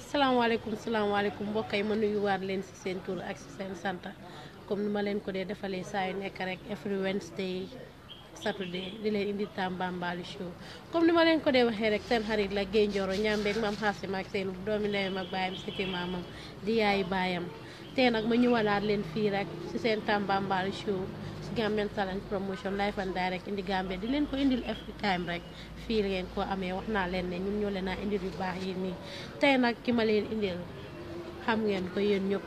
asalaamaaleykum salaamaaleykum mbokk yi ma nuyuwaat leen si seen tur ak si seen santa comme nu ma leen ko dee defalee saa yu nekk rek every Wednesday saturday di leen indi Tambambalu show comme ni ma leen ko dee waxee rek seen xarit la Gaye Njoro ñambeeg maam xaasima ak seen doomi ndeyam ak baayam siti maamam di yaayu baayam te nag ma ñëwalaat leen fii rek si seen Tambambalu show Gambian Talent Promotion live and direct indi Gambia di leen ko indil every time rek fii ngeen ko amee wax naa leen ne ñun ñoo leen a indil yu baax yi nii tey nag ki ma leen indil xam ngeen ko yéen ñëpp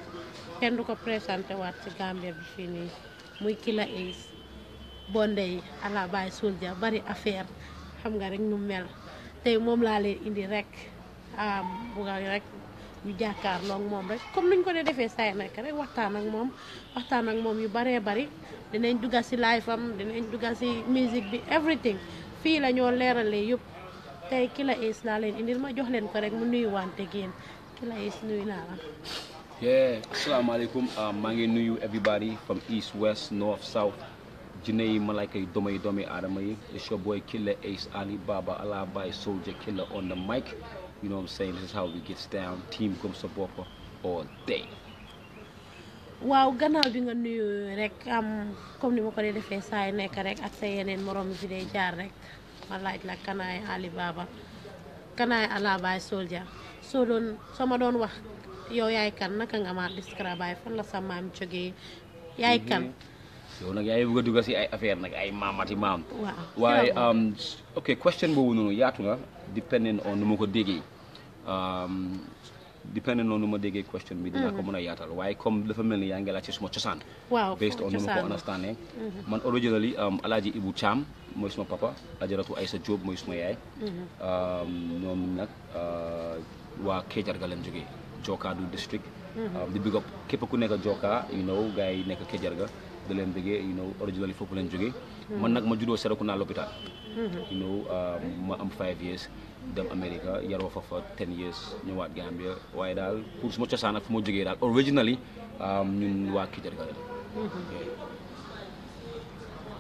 kenn du ko présenté waat ci Gambia bi fii nii muy Killa Ace Bondey yi ala baay Soulja bari affaire xam nga rek ñu mel tey moom laa leen indi rek bu rek. ñu jàkkaarloo ak moom rek comme nuñ ko dee defee saay nekk rek waxtaan ak moom waxtaan ak moom yu baree bari dinañ dugga si live am dinañ dugga si musique bi everything fii lañoo leerale leeralee yëpp tey Killa Ace laa leen indil ma jox leen ko rek mu nuyu wante génn Killa Ace nuyu naa la yeah ah, maa ngi nuyu everybody from east west north south jinne yi malayka yi doom yi doomi aadama yi it's your boy Killa Ace Ali Baba ala baay soldier killer on the mic You know what waaw gannaaw bi nga nuyu rek am comme ni ma ko dee defee saa yu nekk rek ak sa yeneen morom bi dee jaar rek ma laaj la Kanaye Ali Baba Kanaye Soldier soo doon soo ma doon wax yow yaay kan naka nga ma describe fan la sa maam jógee yaay kan. Mm-hmm. yow nag yaay bëgg a si ay affaire nag ay maamati maam. waaw um, question boobu noonu yaatu na depending on nu ma ko déggee. Um, depending on nu ma déggee question bi dinaa ko mën mm-hmm. a yaatal waaye comme dafa mel ni yaa ngi laaj ci suma cosaan based on nu ma ko understandee mm-hmm. man originally um, alaaji Ibu Caam mooy suma papa ajaratu Aysa mooy suma yaay mm-hmm. um, ñoom nag uh, waa Kéjar ga leen jógee Joka du district képp ku nekk Joka you know gars yi nekk Kéjar da leen bëggee you know originally foofu leen jógee man nag ma juddoo Serekunda naa you know ma am five years dem america yaroo fa fa 10 years ñëwaat gambia way dal pour suma cosaan ak fuma joggé dal originally um ñun waa kijar ga la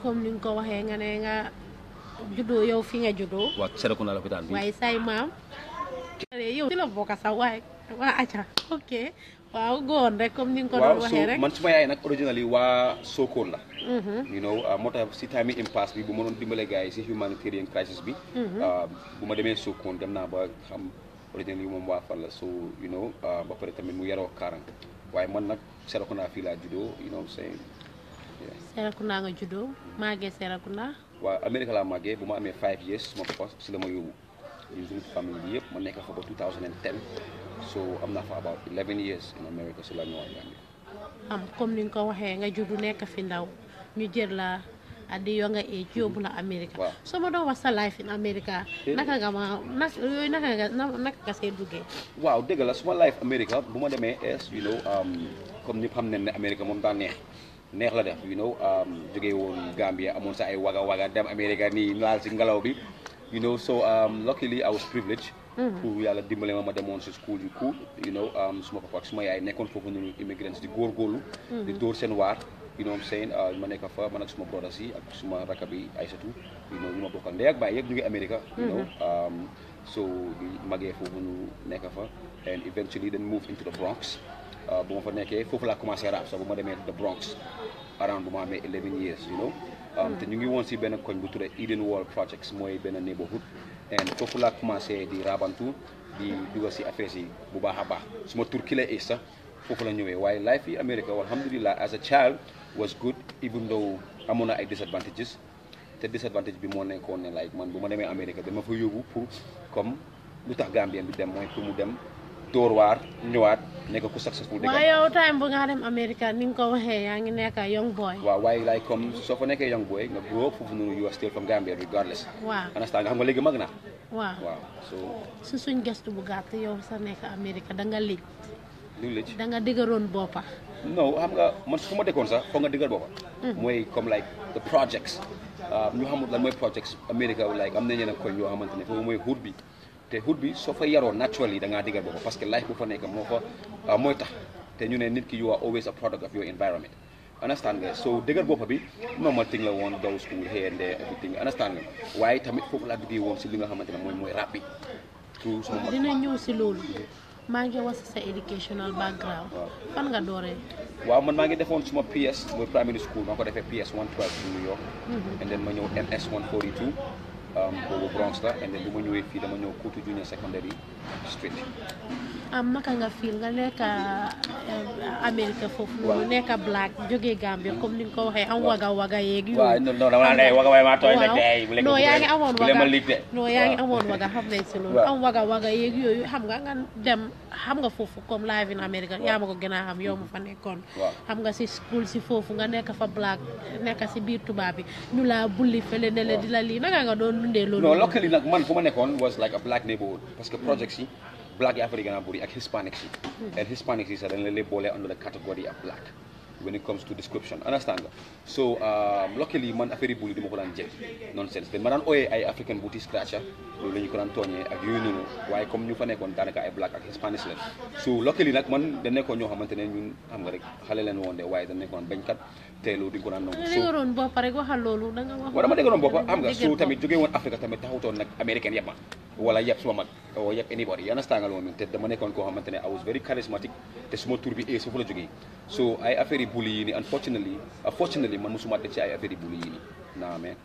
comme ni ko waxé nga né nga juddoo yow fi nga wa juddoo waaw serekunda lopitaan bi way say maam yow ci la bokk sax waaye waa aca ok waaw góor rek comme ni nga ko doon waxee rek waaw man suma yaay nag originally waa Sokone la. Mm-hmm. you know ah, moo tax si tamit bi bu ma doon dimbale gars yi si humanitarian mm-hmm. ah, bu ma demee Sokone dem naa ba xam originally moom waa fan la so you know ah, ba pare tamit mu yaroo Karang waaye man nag naa fii laa juddoo you know c'est. Serekunda nga juddoo màggee Serekunda. waaw Amérique laa màggee bu ma amee five years ma papa si la ma yóbbu. ñu bi yëpp ma nekk fa ba 2010 so am naa fa about 11 years in America si la ñëwaat Gambia ni nga ko waxee nga juddu nekk fi ndaw ñu jël la addi yoo nga age yóbbu la America soo ma doon wax sa life in America naka nga ma na yooyu naka nga see duggee waaw dëgg la suma life America bu ma demee es you know um, comme ñëpp xam ne America moom daa neex neex la def you know um, jógee woon Gambia amoon sa ay waga waga dem America nii laal si ngelaw bi you know so um, luckily I was privileged. pour mm-hmm. yàlla dimbale the ma demoon school You cool you know um, suma papa ak suma yaay nekkoon foofu noonu immigrants the gorgolo, the doors mm-hmm. and war. you know what I'm saying uh, ma nekk fa man ak suma brothers yi ak suma rakab yi you know ñu ma bokkal ndey ak baay America you know mm-hmm. um, so di magee foofu ñu nekk and eventually then move into the Bronx uh, ma fa nekkee foofu laa commencé So so bu ma demee the Bronx around bu 11 years you know Um, te ñu ngi woon si benn koñ bu tuddee Eden Wall Projects mooy benn neighborhood and foofu laa commencé di rabantu di dugal si affaires yi bu baax a baax suma tur ki la is sax foofu la ñëwee waaye life yi America alhamdulilah as a child was good even though amoon na ay disadvantages te disadvantage bi moo nekkoon ne like man bu ma demee America dama fa yóbbu pour comme lu tax Gambien bi dem mooy pour mu dem dóor waar ñëwaat nekk ku successful. dëgg waaye yow time bu nga dem America ni nga ko waxee yaa ngi nekk young boy. waaw waaye like comme soo fa nekkee young boy nga grow foofu noonu you are still from Gambia regardless. waaw understand nga xam nga léegi mag na. waaw waaw so. su suñ gëstu bu gàtt yow sa nekk America da nga lëj. da nga dëgëroon boppa. non xam nga man su ma dëkkoon sax foog nga dëgër boppa. Mm. mooy comme like the projects. Ah, ñu xamul lan mooy projects America like am na ñeneen koñ yoo xamante ne foofu mooy hut bi. te hut bi soo fa yaroo naturally da ngaa digal boppam parce que life bu fa nekk moo euh, ñu ne nit ki you a product of your environment understand nga so dëggal boppa bi la woon daw school waaye tamit foofu laa duggee woon si li nga xamante ne mooy mooy rap bi tout sama dina ñëw si loolu maa ngi wax sa educational background fan nga dooree waaw man maa ngi defoon suma PS mooy primary school maa ko defee PS 112 New York mm-hmm. and then ma ñëw MS boobu Bronx la and then bi ma ñëwee fii dama ñëw Kutu Junior Secondary Street am naka nga feel nga nekk euh, Amérique foofu noonu nekk black jógee bi comme ni nga ko waxee am waga waga yeeg yu waaw non dama xam nañ si loolu am waga waga yeeg yooyu xam nga nga dem xam nga foofu comme live in America yaa ma ko gën am xam yow ma fa nekkoon xam nga si school si foofu nga nekk fa black nekk si biir tubaab bi ñu laa bulli fële ne di la lii naka nga doon dundee loolu non locally nag man fu ma nekkoon was like a black neighborhood parce que projects black African a Hispanic. ak and Hispanic is sax dañ under the category of black when it comes to description understand nga so um, luckily man affaire yi buli duma ko daan jël nonsense dañ ma daan ooyee ay african booty scratcher loolu la ñu ko daan tooñee ak yooyu noonu waaye comme ñu fa nekkoon daanaka ay black ak hispanics la so luckily nag man da nekkoon ñoo xamante ne ñun xam nga rek xale leen woon de waaye da nekkoon bañkat te loolu duñ ko daan nangu waaw dama déggoon boppa xam nga so tamit jógee woon Afrique tamit taxutoon nag américaine yëpp ma ah. wala yëpp suma mag o yëpp anybody understand nga loolu te dama nekkoon koo xamante ne I was very charismatic te suma tur bi ee soo fa la jógee so ay affaire yi bullying unfortunately unfortunately man musuma def ci ay affaire bullying ni naa mais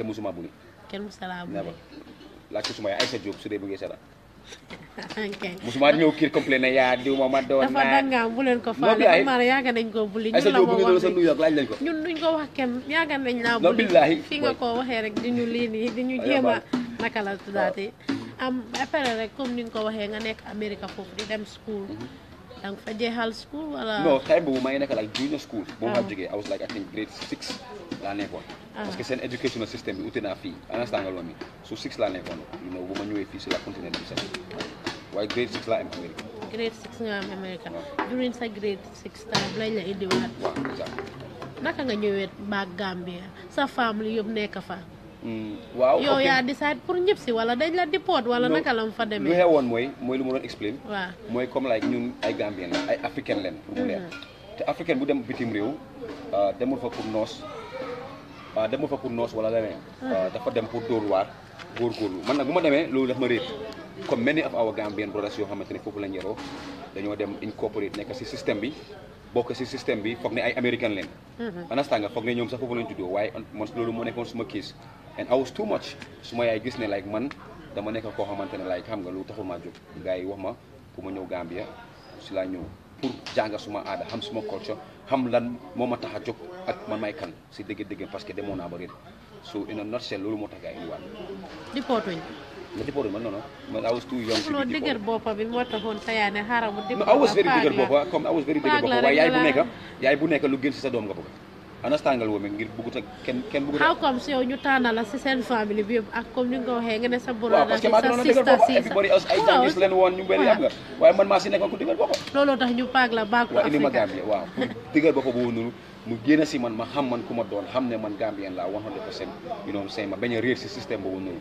eh. musuma bully kenn ya, kan musala bully never ci suma ay sa job su dee bëggee sara musuma ñëw kii complain ya diw ma ma na dafa dangaa bu len ko faale ya ga nañ ko bulli ñu la mo wax sa nuyu ak laaj lañ ko ñun duñ ko wax ya ga nañ laa billahi fi nga ko waxe rek di ñu li ni di ñu jema nakala tudati am après rek comme ñu ko waxe nga nek america fofu di dem school mhm. danga fa jeexal school wala. non time boobu maa nekk ah. I was like I think grade six laa nekkoon. Ah. parce que seen bi ute naa fii understand nga loolu mi so fii si la continent bi sax waaye grade six laa am Amérique. grade six nga am Amérique. sa six tamit lañ la indiwaat. waaw naka nga ñëwee baag Gambia sa famille yëpp nekk fa. Mm. waaw yow yaa décide pour ñëpp si wala dañ la déport wala naka la mu fa demee. lu xewoon mooy mooy lu ma doon explain. mooy comme like ñun ay Gambien ay africain leen. pour mm-hmm. te africain bu dem bitim réew ah, demul fa pour noos ah, demul fa pour noos wala leneen. Ah. dafa dem pour dóor waar góorgóorlu man nag bu ma demee loolu daf ma réer comme many of our Gambian brothers yoo xamante ne foofu la ñu yaroo dañoo dem incorporate nekk si système bi. bokk si système bi foog ne ay américain leen mhm. anastan nga foog ne ñoom sax foofu lañ juddoo waaye man loolu moo nekkoon suma kiis and I was too much suma yaay gis ne like man dama nekk koo xamante ne like xam nga lu taxul maa jóg gars yi wax ma pour ma ñëw Gambia si laa ñëw pour jànga suma aada xam suma culture xam lan moo ma tax a jóg ak ma may kan si dëgg-dëgg parce que demoon naa ba réer so in a nutshell loolu moo tax gars yi indiwaat man I was too young to be dëgër boppa bi mu I was very dëgër boppa comme I boppa waaye yaay bu nekk yaay bu nekk lu gën si bi yëpp ak comme ni ne sa brother parce boppa everybody else ay jàngis leen woon ñu bëri am man boppa looloo tax ñu ma Gambie waaw pour dëgër mu génn si man ma xam man ku ma doon xam ne man Gambien laa 100 percent you know saying ma bañ réer si système boobu noonu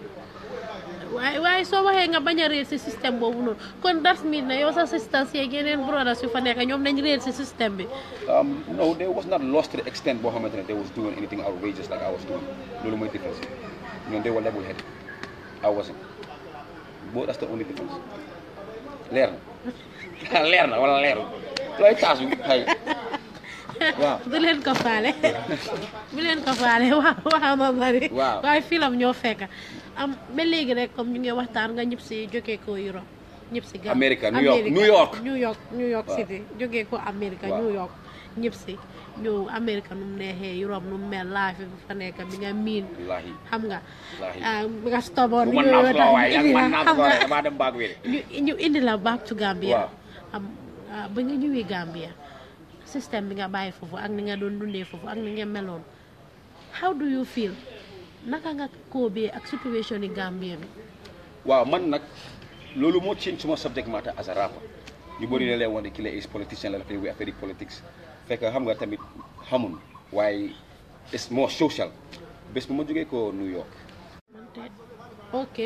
waaye waaye soo waxee nga bañ a réer si boobu noonu kon das mit na yow sa sisters yeeg yeneen brothers yu fa nekk ñoom dañ réer si système bi. Um, no they was not lost to the extent boo xamante ne they was doing anything outrageous like I was doing loolu mooy différence bi ñoom they were level headed I wasn't boo that's the na leer na wala leerul looy taasu xëy. waaw du leen ko faale. du leen ko faale waaye filam ñoo fekk. am ba léegi rek comme ñu ngi waxtaan nga ñëpp si jógee ko Europe. si gàllankoor Amérique New York New York New York New York City jógee ko Amérique New York. ñëpp si ñëw Amérique neexe mu neexee Europe nu mu mel laa fi fa nekk bi nga miin. xam nga. Ah, nga stobon ñu yooyu indi la xam nga ñu indi la back to Gambia. Ah, ba nga ñëwee Gambia. système bi nga bàyyi foofu ak ni nga doon dundee foofu ak ni nga meloon how do you feel. naka nga koobee ak situation yi Gambia bi. waaw man nag loolu moo change suma subject matter as a rapper ñu bëri la lay wane ki la is politicien la dafay wuy affaire politics fekk xam nga tamit xamul waaye it's more social bés bu ma jógee ko New York. ok.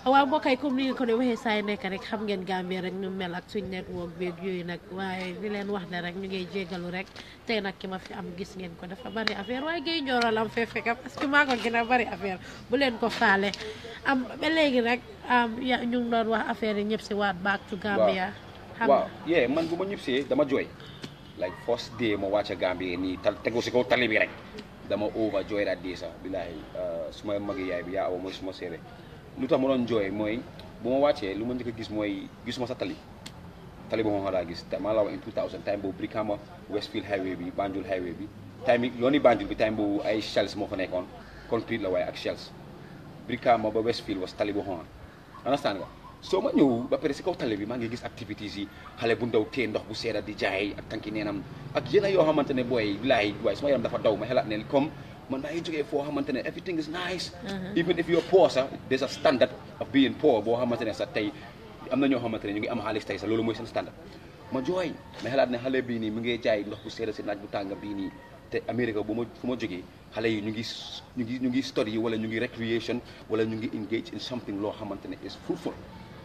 waaw mbokk yi comme ni ñu ko ne waxee saa yi nekk rek xam ngeen Gambia rek ñu mel ak suñ network beeg yooyu nag waaye di leen wax ne rek ñu ngay jégalu rek tey nag ki ma fi am gis ngeen ko dafa bari affaire waaye gay njooro lam fee fekk parce que maa ko gën a bari affaire bu leen ko faale am ba léegi nag ñu ngi doon wax affaire yi ñëpp si waat back to Gambia xam waaw yee man bu ma ñëpp see dama jooy like first day ma wàcce Gambia nii tegu si kaw tali bi rek dama over joy ra day sa, billaahi uh, su ma magi yaay bi yaa aw mooy suma séeré lu tax ma doon jooy mooy bu ma wàccee lu ma njëkk a gis mooy gisuma sa tali tali bu xonq laa gis te maa la wax in 2000 time boobu Brikama Westfield highway bi Banjul highway bi time yi yooni bi time boobu ay shells moo fa nekkoon concrete la waaye ak shells Brikama ba Westfield was tali bu xonq understand nga soo ma ñëw ba pare si kaw tali bi maa ngi gis activités yi xale bu ndaw tee ndox bu seeda di jaay ak tànki neenam ak yenn yoo xamante ne booy bilaay waaye su ma dafa daw man maa ngi for how much, ne everything is nice. Uh-huh. even if you're poor sir, there's a standard of being poor boo xamante ne sax I am na ñoo xamante ne ñu ngi am xaalis tey sax loolu mooy seen standard. ma jooy ma xalaat ne xale bii nii mu ngi jaay ndox bu seeda si naaj bu tàng bii nii te Amérique bu ma fu ma jógee xale yi ngi ngi ngi study wala ñu ngi recreation wala ñu ngi engage in something loo xamante ne is fruitful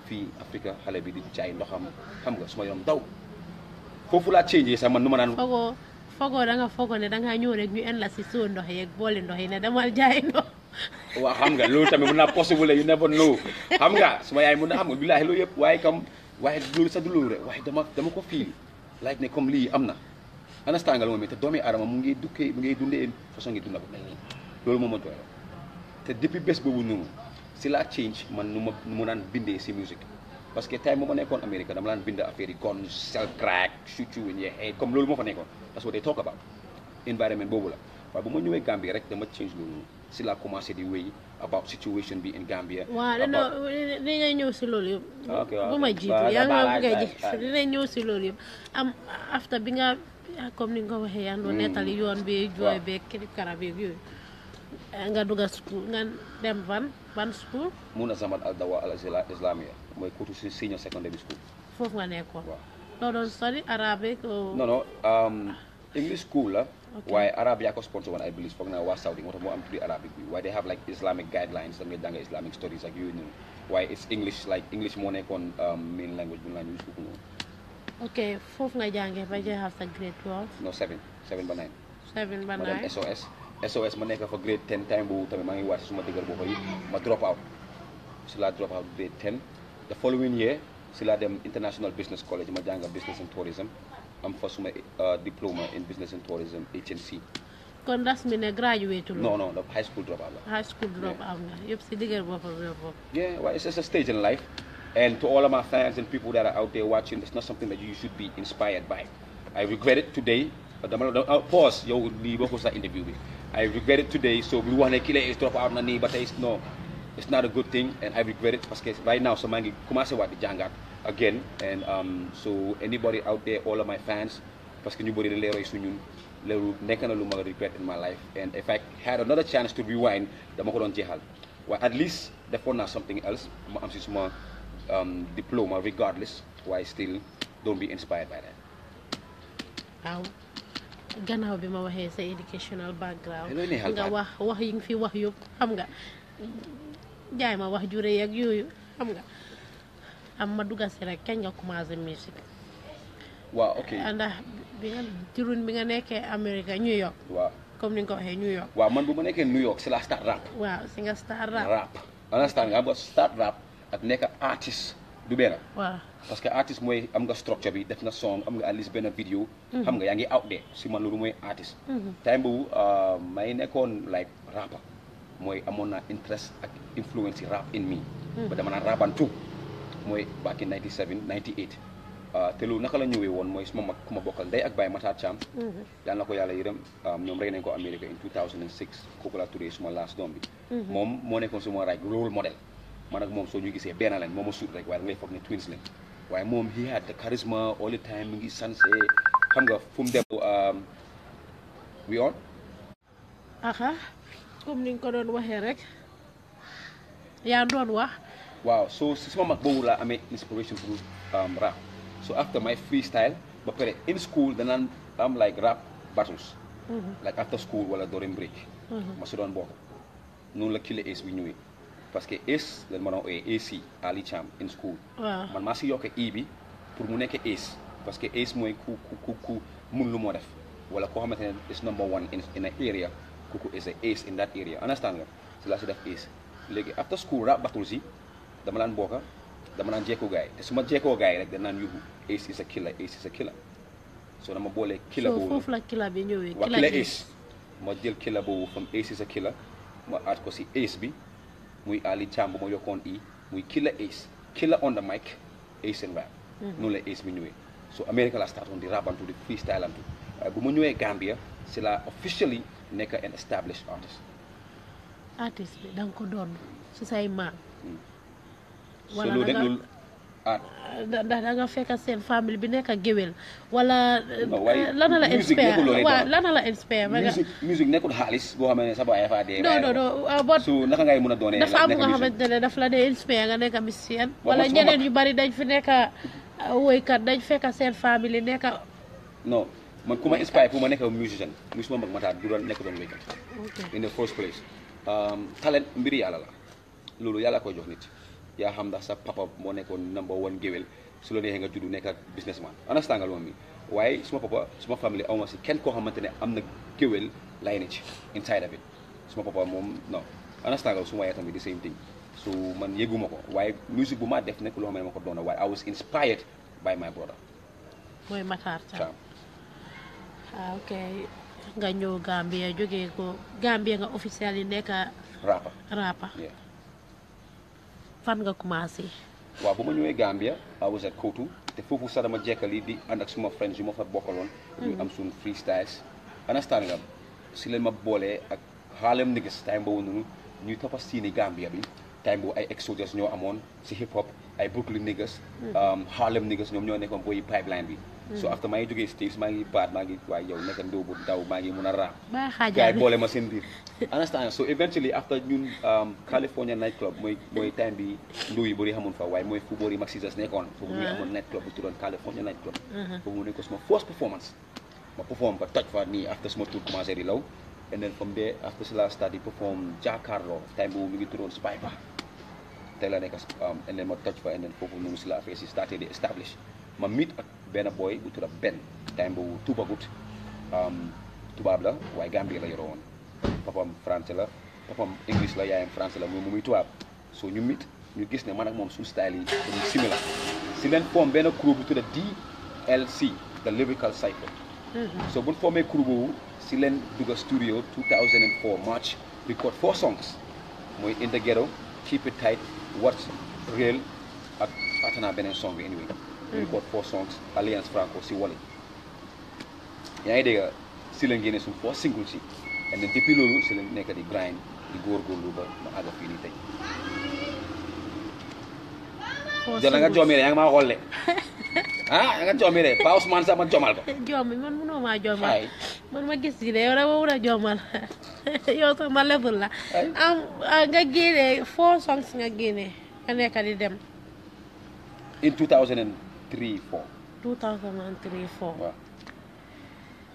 fii Africa, xale bi di jaay ham hamga. nga su ma yoon daw foofu laa change sax man nu ma naan. fogoo da nga fogoo ne da ngaa ñëw rek ñu en la si soo ndox yeeg boole ndox yi ne damal jaay ndox. waaw xam nga loolu tamit mun naa possible you never know xam nga suma yaay mun na xam nga billaahi loolu yëpp waaye kam waaye loolu sax du loolu rek waaye dama dama ko fiil laaj ne comme lii am na anastan nga lu ma mi te mu ngi dukkee mu ngi dundee façon ngi dunda bu loolu moom ma doy te depuis bés boobu noonu si la change man nu ma nu mu naan bindee si musique parce que time bu ma nekkoon Amérique dama laan bind affaire yi guns sell crack shoot you in your head comme loolu moo fa nekkoon parce que day talk about environment boobu la waaye bu ma ñëwee Gambie rek dama change loolu si la commencé di wéy about situation bi in Gambia. waaw non dinañ ñëw si loolu yëpp. Ah, ok ah, bu ma jiitu yaa nga bëgg a ji dinañ ñëw si loolu yëpp am after bi nga comme ni nga ko waxee yaa ngi doon mm. nettali yoon bi jooy beeg kii karab yeeg yooyu. Eh, nga dugal school nga dem ban ban school. mun a al dawa al islamia mooy kutu si senior secondary school. foofu nga nekkoon. waaw loo doon study arabic. non um, ah. English school la. waaye arab yaa ko sponsor woon ay bilis foog naa waa Saudi moo tax moo am tuddi arabic bi waaye they have like islamic guidelines da ngay jàng islamic stories ak yooyu noonu it's english like english moo nekkoon um, main language bu ñu naan use ok foofu nga jàngee ba jeexal sa grade SOS ma nekk fa grade 10 time boobu tamit maa ngi wàcc suma dëgër boobu yi ma drop out si laa drop out grade 10 the following year si laa dem international business college ma jànga business and tourism am fa suma uh, diploma in business and tourism HNC kon das mi ne graduate lu non non high school drop out la high school drop out nga yëpp si dëgër boobu boobu yeah well it's just a stage in life and to all of my fans and people that are out there watching it's not something that you should be inspired by I regret it today uh, dama la uh, pause yow lii bokkul sa interview I regret it today so we want to kill it, lay drop out na nii ba tey non it's not a good thing and I regret it because right now so many ngi commencé waat di jàngaat again and um, so anybody out there all of my fans because que ñu bëri dañ lay roy suñun loolu nekk na regret in my life and if I had another chance to rewind dama ko doon jeexal waaye at least defoon naa something else i am si suma um, diploma regardless why still don't be inspired by that. How? gannaaw bi ma waxee sa educational background nga wax wax yi nga fi wax yëpp xam nga jaay ma wax jure yag yooyu xam nga am ma dugga si rek kañ nga commencé musique waaw ok ah, ndax bi nga juróom bi nga nekkee Amérique New York waaw comme ni nga ko waxee New York waaw man bu ma nekkee New York si la start rap waaw si nga start rap rap understand nga am nekk artiste du benn. waaw parce que artiste mooy am nga structure bi def na song am nga at least benn vidéo. Mhm. xam nga yaa ngi out there si man loolu mooy artiste. Mhm. time boobu euh, may nekkoon like rapper mooy amoon naa interest ak influence rap in me. Mhm. ba dama naan rabantu mooy back in 97 98. Euh, te loolu la suma ko yàlla yërëm euh, ñoom rey nañ ko Amérique in 2006 kooku laa turee suma last doom bi. moom moo nekkoon suma role model. man ak moom soo ñu gisee benn lañ moom a suut rek waaye da ngay foog ne twins waaye moom he had the charisma all the time ngi sanse xam nga fu mu dem um, we on aha comme ni nga ko doon waxee rek yaa doon wax waaw so si sama mag boobu laa amee inspiration pour um, rap so after my freestyle ba pare in school danaan am like rap battles mm-hmm. like after school wala during break mm-hmm. ma si doon bokk noonu la Killa Ace bi ñëwee parce que ace lañ ma doon ooyee AC in school. waaw man maa si yokk i e bi pour mu nekk ace parce que ace mooy ku ku ku mun lu moo def wala koo xamante ne is number one in in an area kooku is a ace in that area understand nga si laa si def ace léegi after school rap battle si dama daan bokka dama daan jekkoo gars te su ma jekkoo gars yi rek danaan yuuxu ace is a killer ace is a killer so dama boole killer boobu foofu la killer bi ñëwee. killer ace ma jël killer boobu from ace is a killer ma aat ko si ace bi. muy Ali Thiam bu ma yokkoon i muy Killa Ace Killa on the mic Ace and rap mm-hmm. noonu la Ace mi ñëwee so America la start on di rabantu di freestyle antu bu ma ñëwee Gambia c'est la officially nekk an established artist artist bi da nga ko doon su say maam. Mm. wala ndax da nga fekk seen famille bi nekk ak géwél wala. Euh, lana la inspire waaw lana la inspire. musique musique nekkul xaalis boo xamee ne sa baay fa dee. non ah, su naka ngay mën a doonee. dafa am nga xamante ne daf la dee inspire nga nekk musicien wala ñeneen yu bari dañ fi nekk ah, woykat dañ fekk seen famille nekk. Ah. no man ku ma inspire pour ma nekk musicien musuma mag ma taat du doon nekk doon woykat. in the first place um, talent mbiri yàlla la loolu yàlla koy jox nit. yaa xam ndax sa papa moo nekkoon number one géwél su la neexee nga juddu nekk ak businessman understand nga loolu mi waaye suma papa suma family aw ma si kenn koo xamante ne am na géwél lineage inside of it suma papa moom non understand nga su ma yaay tamit di same thing so man yëguma ko waaye musique bu ma def nekk loo xam ne ma ko doona waaye I was inspired by my brother. mooy Matar Sarr ah, ok nga ñëw Gambia jógee ko Gambia nga officiel yi nekk. fan nga commencé. waaw bu ma ñëwee Gambia I was at Kotu te foofu sax dama jekkali di ànd ak suma friends yu ma fa bokkaloon. ñu mm. am suñu freestyles. understand nga si leen ma boolee ak Harlem Niggas time boobu noonu ñuy toppa siini Gambia bi time boobu ay ex ñoo amoon si hip hop ay Brooklyn Niggas. Mm. Um, Harlem Niggas ñoom ñoo nekkoon booy pipeline bi. so hmm. after maa ngi jógee States maa ngi baat maa ngi mun a raam gars yi boole ma seen biir understand so eventually after ñun um, California night club mooy time bi ndóo yi bëri xamun fa waaye mooy fu yi mag Caesars nekkoon foofu muy hmm. amoon night club bu tuddoon California night club foofu hmm. mu nekk suma first performance ma perform ba toj fa nii after suma tour commencé di law and then from there after la nekk um, and si la affaire si starté di establish benn boy bu tudd benn time bu tuubagut um, tuba la waaye Gambie la yore woon papam français la papam english la yaayam français la mu muy tubaab so ñu mit ñu gis ne man ak moom suñu style yi dañuy similar si leen form benn crew bu DLC the lyrical cycle mm-hmm. so buñ formé crew bu si leen studio 2004 march record four songs mooy In the Ghetto Keep It Tight What's Real ak fàtte naa song anyway ñu mm. boot four songs alliance franco si wali yaa ngi si la génne suñu four single si and then depuis loolu si la nekk di grind di góorgóorlu ba ma àgg fii nii tey jana nga joomi de yaa ngi maa xool de ah yaa nga joomi de Pa Ousmane sax ma joomal ko joomi man munoo maa joomal man ma gis gi de yow dama mun a joomal yow ma level la am nga génne four songs nga génne nga kan nekk di dem in 2000 2003 4 2003 4 waaw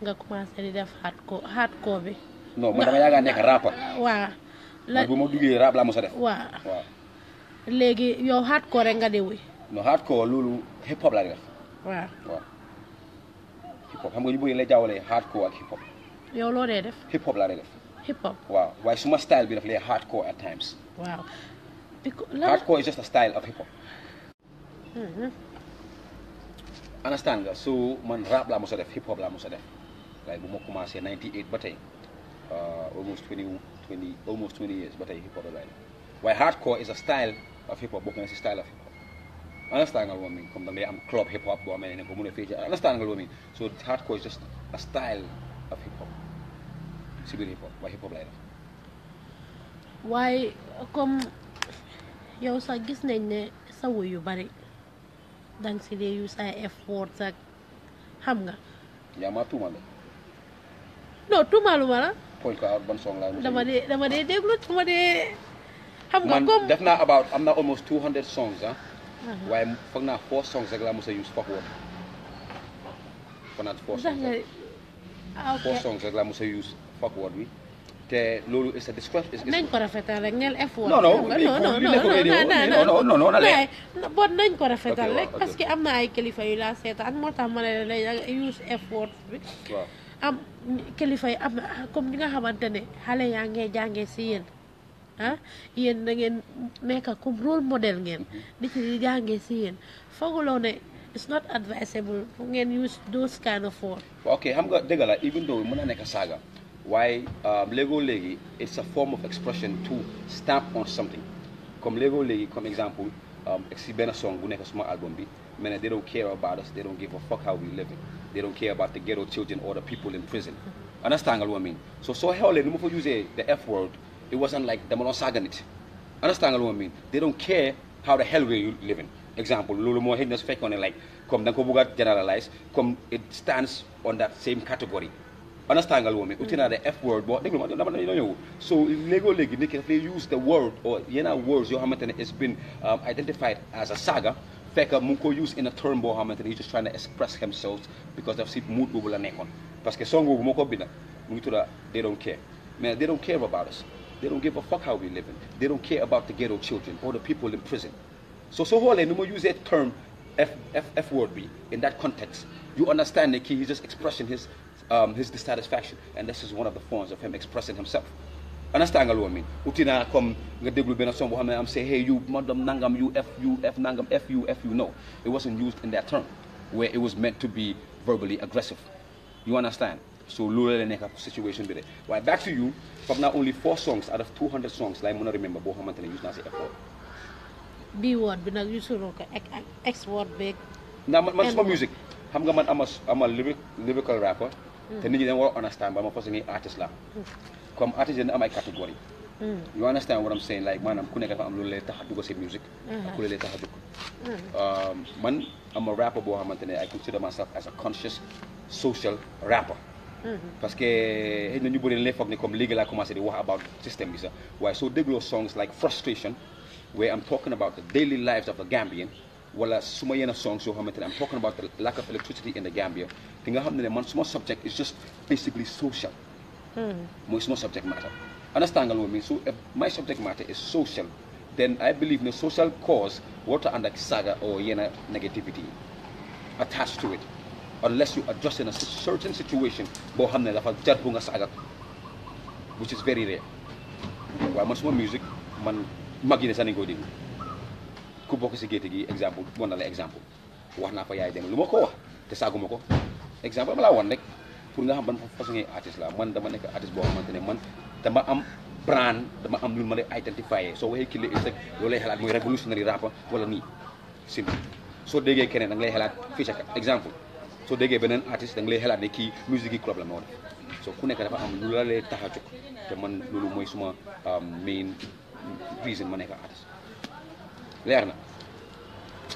nga commencé di def hardcore hardcore bi non man dama yaagaa nekk rapper waaw la bu ma duggee rap laa mos a def waaw waaw léegi yow hardcore rek nga di wuy hip hop laa di def waaw hip hop xam nga ñu bëri la jaawalee hip hop yow loo dee hip hop laa dee hip hop waaw waaye suma style bi daf lay hardcore at times waaw hardcore is just a style of hip hop Mhm understand nga so man rap laa mos def hip hop laa mos def like bu commencé 98 but tey uh, almost 20 20 almost 20 years ba hip hop laay why hardcore is a style of hip hop bokk na a style of hip hop understand nga loo miin comme da ngay am club hip hop boo amee ne ko mun a feeca understand nga loo so hardcore is just a style of hip hop si biir hip hop why hip hop laay def Why comme yow sax gis nañ ne sa wuyu yu bari dang si dee use ay F ak xam nga yaa ma tuumal non tuumaluma la poñ ko ban laa dama dee dama dee déglu dama dee xam nga comme def naa about am na almost two hundred songs ah uh-huh. waaye foog naa four songs rek laa mos a use fox word ah, four songs rek laa mos a use fox word bi te loolu est discours. nañ ko rafetal rek ñel F1. non non non non non non bon nañ ko rafetal rek parce que am na ay kilifa yu laa seetaan moo tax ma ne la léegi use F word bi. am kilifa yi am ah, comme ñi nga xamante ne xale yaa ngee jàngee si yéen ah yéen na ngeen nekk comme rôle modèle ngeen. nit mhm. ñi jàngee si yéen fooguloo ne. it's not advisable fu ngeen use those kind of word. ok xam nga dëgg la even though mën na nekk saaga. why um, Lego Legi is a form of expression to stamp on something. Come Lego Legi, Come example, um, a song bu nekk album B. man, they don't care about us, they don't give a fuck how we living. They don't care about the ghetto children or the people in prison. Understand what I mean? So so hell no for use the F word, it wasn't like the monosaganit. Understand what I mean? They don't care how the hell we're living. Example, Lulu Mohindas fake on it like come the generalize, come it stands on that same category understand nga Me, ma the F word boo déglu ma dama dama ñëw so Lego léegi they can daf use the word or yenn words yoo xamante it's been um, identified as a saga fekk mu use in a term boo xamante he's just trying to express himself because daf see mood boobu la nekkoon song boobu moo ko binda mu they don't care man. they don't care about us they don't give a fuck how we living. they don't care about the ghetto children or the people in prison so so xoolee no ma use term F, F, F word in that context you understand that he's just expressing his um, his dissatisfaction and this is one of the forms of him expressing himself understand what I mean? miin uti naa comme son am say hey you madam nangam you f you f nangam f you f you no it wasn't used in that term where it was meant to be verbally aggressive you understand so loolu in nekk situation bi Right back to you From now, only four songs out of 200 songs Like, remember boo xamante ne use naa si f word B word bi nag use ko x word big. ndax man man music i nga man lyrical rapper then you don't understand but ma parce que ni artiste la comme artiste yi dañ am ay catégorie mm. you understand what I'm saying like man, i nekk dafa am loolu lay tax a dugg si musique ak mm-hmm. ku lay tax a dugg mm. um, man am a rapper boo xamante ne I consider myself as a conscious social rapper Because mm-hmm. que xëy na ñu bëri lay foog ni comme léegi laa commencé about system, bi sax waaye soo dégloo songs like frustration where I'm talking about the daily lives of a Gambian wala su ma yenn songs yoo xamante ne I'm talking about the lack of electricity in the Gambia Thing I xam ne man suma subject is just basically social. Hmm. mooy suma subject matter. understand nga loolu So, if my subject matter is social then I believe the social cause warut a ànd ak saga or yena negativity attached to it unless you adjust in a certain situation bo xam ne dafa jar bu nga saga which is very rare waaye man suma music man mag yi ne sax nañ koy ku bokk si gétt gi exemple won na la exemple wax naa fa yaay dem lu ma ko wax te saaguma ko exemple dama laa wan rek pour nga xam ban façon artiste ne man dama am brand dama am lu ma lay identifié soo waxee Killeh Isack déggee keneen da nga lay xalaat Fisher Cat exemple soo déggee beneen artiste da nga lay xalaat ne kii musique yi problème la woon soo ku nekk dafa am lu la lay tax a te man loolu mooy suma euh, main reason ma nekk artiste leer na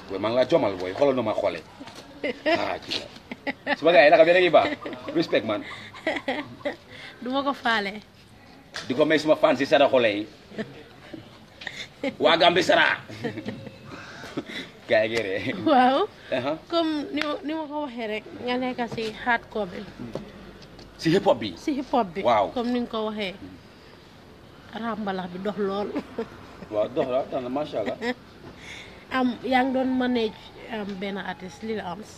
booy maa ngi laa jomal booy xoolal na ma xoolee ah ci la su ma gars yi naka beneen baax respect man. du ma ko faale. di ko may suma fan si xole yi waa Gambie sara gars yi waaw. Uh-huh. comme ni ma ni ma ko waxee rek nga nekk si hardcore bi. si hip hop bi. si hip hop bi waaw comme ni nga ko waxee. rambalax bi dox lool. waaw dox la macha allah. am yaa ngi doon manage am benn artiste lii Arms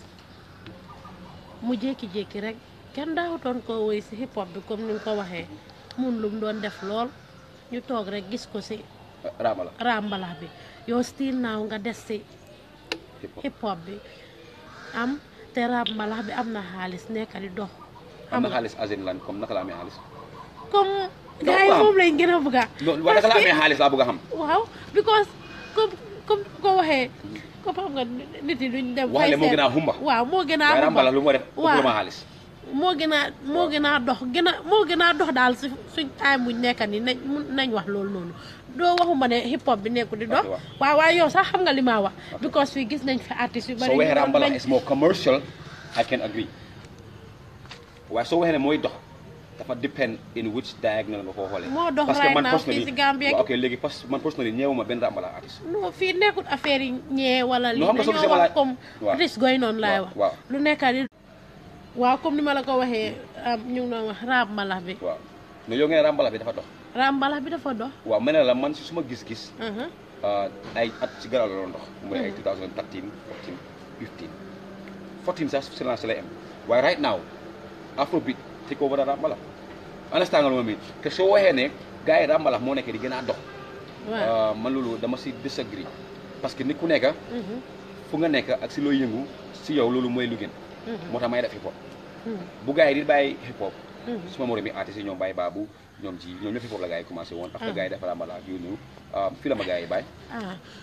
mu jékki-jékki rek kenn daawutoon ko woy si hip hop bi comme ni nga ko waxee mun lu mu doon def lool ñu toog rek gis ko si rambalax bi yow still naaw nga des si hip hop bi am te rambalax bi am na xaalis nekka di dox am na xaalis asine lan comme naka la amee xaalis comme gars moom lañ gën a bëgg a la amee xaalis laa bëgg xam waaw because comme comme ko waxee comme xam nga nit yi duñ dem waxale moo gën a xumba waaw moo gën a xumba lu ma moo gën a moo gën a dox gën a moo gën a dox daal si suñ time buñ nekk nii nañ nañ wax loolu noonu doo waxuma ne hip hop bi nekku di dox waaw waaye yow sax xam nga li maa wax because fii gis nañ fi artistes yu bari so Wehe Rambala is more commercial I can agree waaye soo waxee ne mooy dox dafa depend in which diagonal nga koo xoolee. moo dox right now fii si affaire ñee wala. lii dañoo wax waaw lu nekkaat waaw comme ni ma la ko waxee ñu ngi doon wax raam mbalax bi. waaw mais yow ngeen raam mbalax bi dafa dox. raam mbalax bi dafa dox. waaw mel na la man si suma gis-gis. Uh-huh. Uh, ay at ci garaaw la doon dox. mooy ay 2013 14 15. 14 sax waaye right now afrobeat take over raam mbalax. understand nga momi te so waxe ne gars rambalax mo nek di gëna dox dox ah, man lolu dama si disagree parce que nit ku nekk mm-hmm. fu nga nek ak ci looy yëngu ci yow lolu moy lu gën mm-hmm. moo may def hip hop mm-hmm. bu gars di baye hip hop suma remi artiste ñom baye babu ñom ji ñom ñu hip hop la gars commencé won parce que ah. yi dafa ràmbalax yooyu noonu ah, fii la ma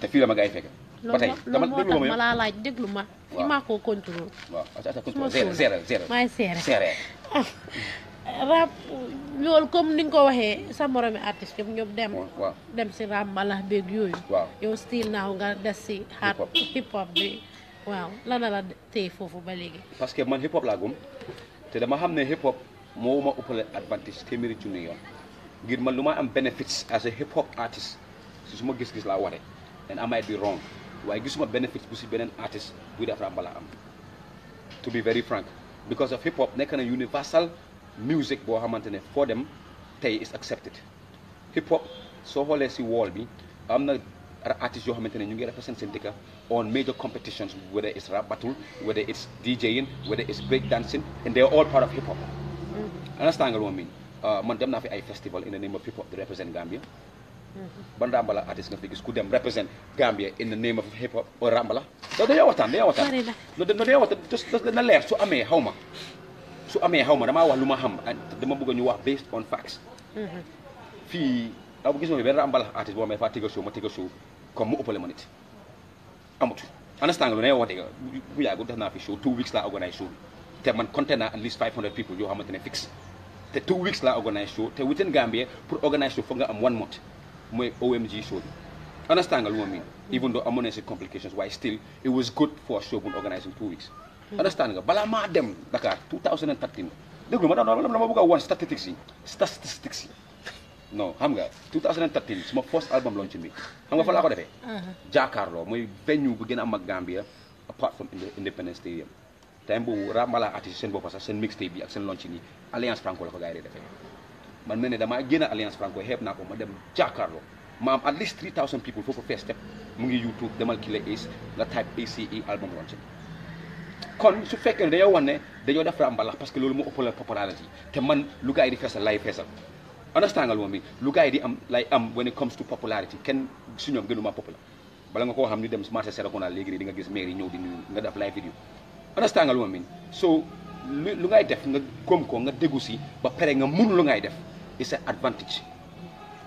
te fii la ma fekk batay dama déglu ma ma laaj déglu ma. ima ko contrôle. wa ata contrôle seere seere seere. maay rap loolu comme ni nga ko waxee sa moromi artiste yëpp ñoom dem. dem si rap mbalax beeg yooyu. yow style naaw nga des si. hip hop hip hop bi waaw lan la la foofu ba léegi. parce que man hip hop laa gëm te dama xam ne hip hop moo ma ëppale advantage téeméeri junni yoon ngir man lu ma am benefits as a hip hop artist si su ma gis-gis laa waree and I might be wrong waaye gisuma benefits bu si beneen artist buy def rap mbalax am to be very frank because of hip hop nekk na universal. music boo xamante ne foo dem tey is accepted hip hop soo xoolee si wall bi am na artistes yoo xamante ne ñu ngi represent seen on major competitions whether it's rap battle whether it's DJing whether it's break dancing and they are all part of hip hop mm-hmm. understand nga lu ma mean uh, man dem naa fi ay festival in the name of hip hop di represent Gambia mm-hmm. ban rambala artiste nga fi gis ku dem represent Gambia in the name of hip hop or uh, rambala dañoo waxtaan dañoo waxtaan no dañoo waxtaan just na leer su amee xaw ma su amee xaw ma damaa wax lu ma xam dama bëgg ñu wax based on facts. Mm-hmm. fii I'm nga fi benn ambalax artiste boo xam ne faa tëgg a show ma tëgg a show comme mu ëppale ma nit amut. understand nga lu ne wax We are going to have a show two weeks later. organise show The man compté at least 500 people You have to fix. The two weeks later, organise show The within Gambia put organise show for one month My OMG show understand nga lu ma even though i amoon na si complications why still it was good for a show bu ñu in two weeks. understand nga balaa maa dem Dakar 2013 déglu ma dama dama bëgg a wan statistics yi statistics yi non xam nga 2013 suma first album launch bi xam nga fa laa ko defee. Uh-huh. loo mooy venue bu gën a am ak Gambia apart from Independence Stadium. time boobu rambala artiste seen bopp sax seen bi ak seen launch nii Alliance ne damaa génn Alliance Franco xeeb naa ko ma dem jàkkaarloo ma am at least 3000 people foofu first step mu ngi YouTube demal Killa Ace nga type e album launch kon su fekkee ne dañoo wax ne dañoo def mbalax parce que loolu moo ëppalal popularity te man lu gars yi di feesal laay bi lu gars di am lay am when it comes to popularity kenn su gënuma popular bala nga koo xam ni dem marché Serekunda léegi nii di nga gis maire yi ñëw di nuyu nga def live video understand nga moom bi so lu ngay def nga góom nga déggu si ba pare nga mun lu ngay def it's an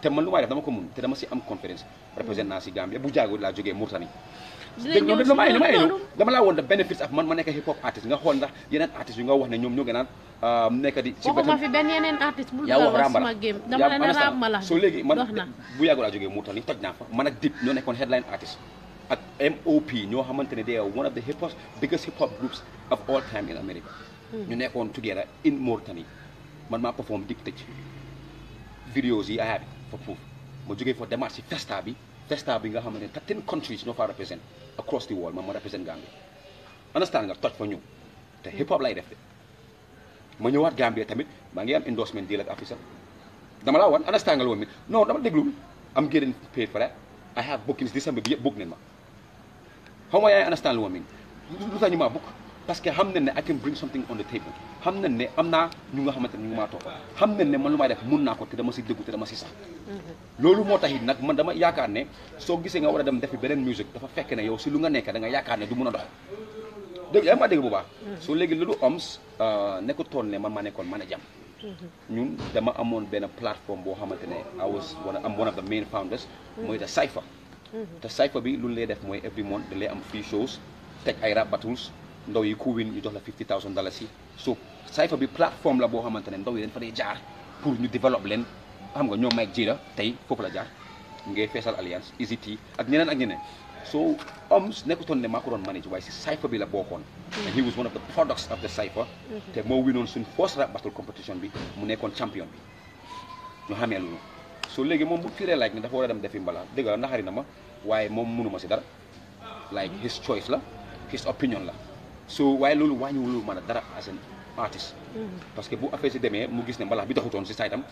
te man lu may def dama ko mun te dama si am conférence représenté naa si Gambia bu jaago laa jógee Mauritanie dinañ ñëw si loolu dama may dama laa woon da benefits af a euh, léegi man bu yàggul a jógee Mourtani toj naa fa man ak Dip ñoo nekkoon headline xamante ne they are one of the hip hop biggest hip hop groups of all in America. Hmm. ñu nekkoon man maa perform Dip tëj. videos yi ayaa bi fa foofu ma jógee fa demaat si festa bi testa bi nga xamante thirteen countries ñoo fa represent across the world man ma represent Gambia understand nga touch fa you. te hip hop lay def de ma ñëwaat Gambia tamit maa ngi am endorsement deal ak Africa dama laa wan understand nga loolu non dama déglu am getting paid for that I have bookings December bi book nañ ma xaw ma yaay understand lu ma miin lu tax ñu book parce que xam ne I can bring something on the table Hamne ne amna naa ñu mm-hmm. nga xamante ne ñu ne man lu may def mun naa ko te dama si dëggu te dama si sax loolu moo nag man dama ne soo gisee nga war a defi beneen musique dafa fekk ne yow si lu nga nekk da nga yaakaar ne du mun a dox dégg yaa maa dégg bu baax mm-hmm. soo léegi loolu OMS euh, ne man maa nekkoon man a jam mm-hmm. ñun dama amoon benn plateforme boo xamante ne I was am one of the main founders mo The Cypher The Cypher bi lulu lay def mooy every month da lay am free shows tech ay battles ndaw yi ku win ñu jox la 50000 dollars yi so Sypha bi plateforme la boo xamante ne ndaw yi dañ fa dee jaar pour ñu développer leen xam nga may Mike Jira tey foofu la jaar ngay feesal alliance EasyT ak ñeneen ak ñeneen so OMS nekkutoon ne maa ko doon manage waaye si Sypha bi la bokkoon. and he was one of the products of the Sypha. Mm-hmm. te moo winoon suñ first rap battle competition bi mu nekkoon champion bi ñu xamee loolu. so léegi moom bu firee like ne dafa war a dem defi mbala dëgg la na ma waaye moom mënuma si dara like his choice la his opinion la. so waaye loolu wàññiwul loolu mën a dara asan artiste mm-hmm. parce que bu affaire demee mu gis ne mbalax bi taxutoon si saytam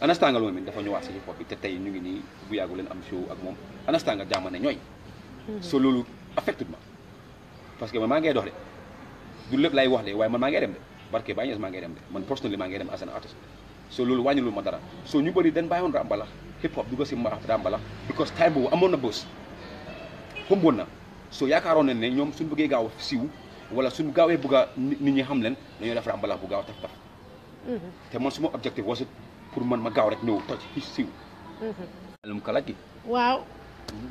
anastanga mm-hmm. loolu min dafa ñëwaat si hip hop tey ñu ngi nii bu yàggu am show ak moom anastanga jàmm ne ñooy mm-hmm. so loolu affecté ma parce que maa ngee dox de du lépp lay wax de waaye man maa ngee dem de barke maa ngee dem de man personally maa ngee dem as an artiste so loolu wàññiwul ma dara so ñu bëri dañ bàyyoon rap mbalax hip hop dugg si mbalax rap mbalax because time boobu amoon na bës xumboon na so yaakaaroon nañ ne ñoom suñu bëggee gaaw siiw wala suñu gaawee bëgg a nit ñi xam leen dañoo def ràmbalax bu gaaw taf taf mhm. te man suma objectif wasut pour man ma gaaw rek ñëw toj fi siiw alum mhm. kalaaj gi waaw mhm.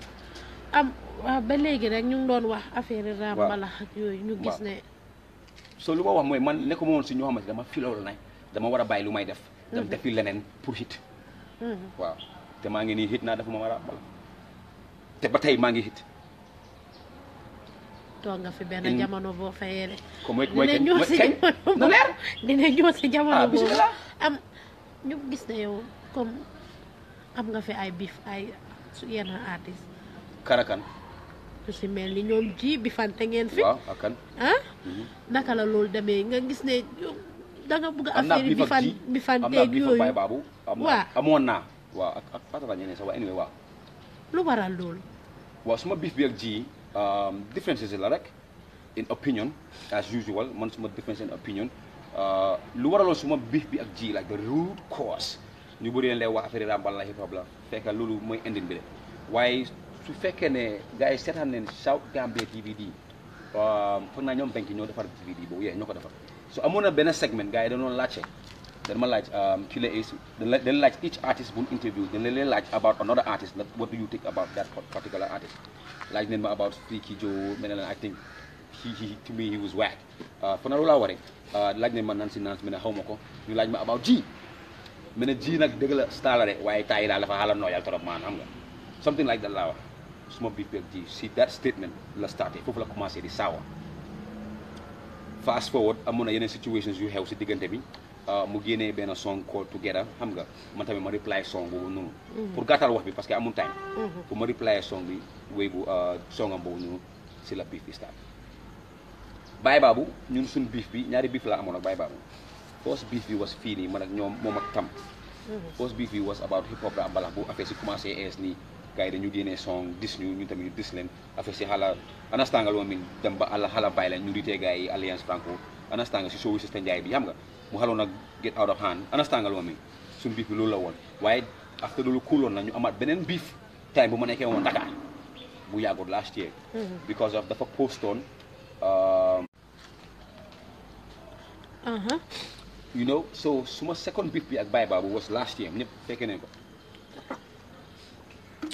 am ah, ba léegi rek ñu ngi doon wax affaire ràmbalax ak yooyu ñu gis ne so lu ma wax mooy man nekkuma woon si ñoo xamante dama filool na dama war a bàyyi lu may def dam defi leneen pour hit waaw te maa ngi nii hit naa dafa ma war a ràmbalax te ba tey maa ngi hit toog nga fi benn jamono boo fayee mooy mooy ñoo si jamono dina ah, ñoo si jamono boobu am ñu gis na yow comme am nga fi ay bif ay yenn artiste karakan su si mel ni ñoom ji bi fante ngeen fi ah mhm. naka la loolu demee nga gis ne da nga bëgg affaire bi fan bi fan teeg yooyu waaw amoon naa waaw ak ak Fatou ñeneen lu waral loolu waaw suma bif bi ak ji Um, differences in Larek, in opinion as usual man more difference in opinion uh, lu waraloon suma beef beef ak like the root cause ñu bëri leen lay wax ràmbal la hip hop la fekk loolu mooy indin bi de waaye ne gars yi seetaan neen South DVD um, foog naa ñoom benki ñoo DVD boobu yee ñoo ko so amoon na benn segment gars yi dañu doon they like ci la is They like each artist bu interview they leen about another artist what do you think about that particular artist Like, neen about Freaky Joe I think he he to me he was whack uh, For loolu laa waree uh, Like neen Nancy Nancy ma ne xaw about G. ma G ji nag dëgg la staalare waaye taay daal something like that laa wax suma biif beeg ji that statement la starté foofu la commencé di sour. fast forward I'm na yeneen situations you have. si diggante bi Euh, mu génne benn song ko together xam nga man tamit ma reply song boobu noonu. Mm-hmm. pour gàttal wax bi parce que amul time. Mm-hmm. pour ma reply song bi wéy bu euh, songam boobu noonu si la beef bi ñun suñ biif bi ñaari biif la amoon ak Baye Babou first beef bi was fii nii man ak ñoom moom ak tam. Mm-hmm. first beef bi was about hip hop la mbalax bu affaire si commencé ees nii. gars yi dañu génnee song dis ñu ñu tamit ñu dis leen affaire si xala anastanga loo min dem ba àll xala bàyyi leen ñu ritee gars yi alliance bi xam nga mu xaloon a get out of hand understand nga lu ma mi biif bi loolu la woon waaye after loolu kuuloon na ñu amaat beneen biif time bu ma nekkee woon Dakar bu yàggut last year mm-hmm. because of dafa postoon um, uh-huh. you know so suma second beef bi ak baay Babou was last year ñëpp fekkee nañ ko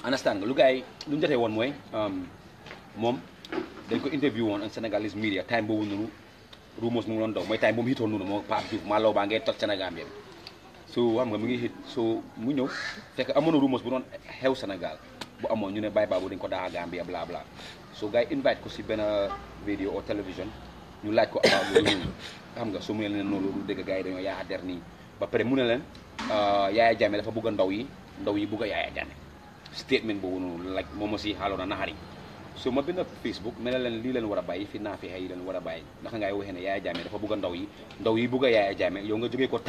understand nga lu gars yi lu ñu woon mooy um, moom dañ ko interview woon en Senegalese media time boobu noonu rumus mu ngon doon daw mooy time bu mu hitoon noonu ma lo Diouf tok baa bi so xam nga mi ngi hit so mu ñëw fekk amono rumus bu doon xew Sénégal bu amoon ñu ne Baye babu dañ ko Gambia bla bla so gars invite ko si benn uh, video au television ñu laaj ko avant ah, loolu xam nga so mu leen noonu loolu dégg gars yi dañoo yaa ba pare mu ne leen ah, Yaya Jammeh dafa bu a ndaw yi ndaw yi statement bu noonu like momosi aussi xaaloon na so ma bind Facebook ne lii leen war bàyyi fi naafixa yi leen war bàyyi naka ngay waxee ne Yaya Jammeh dafa bugg ndaw yi ndaw yi bugg a Yaya Jammeh nga jógee ko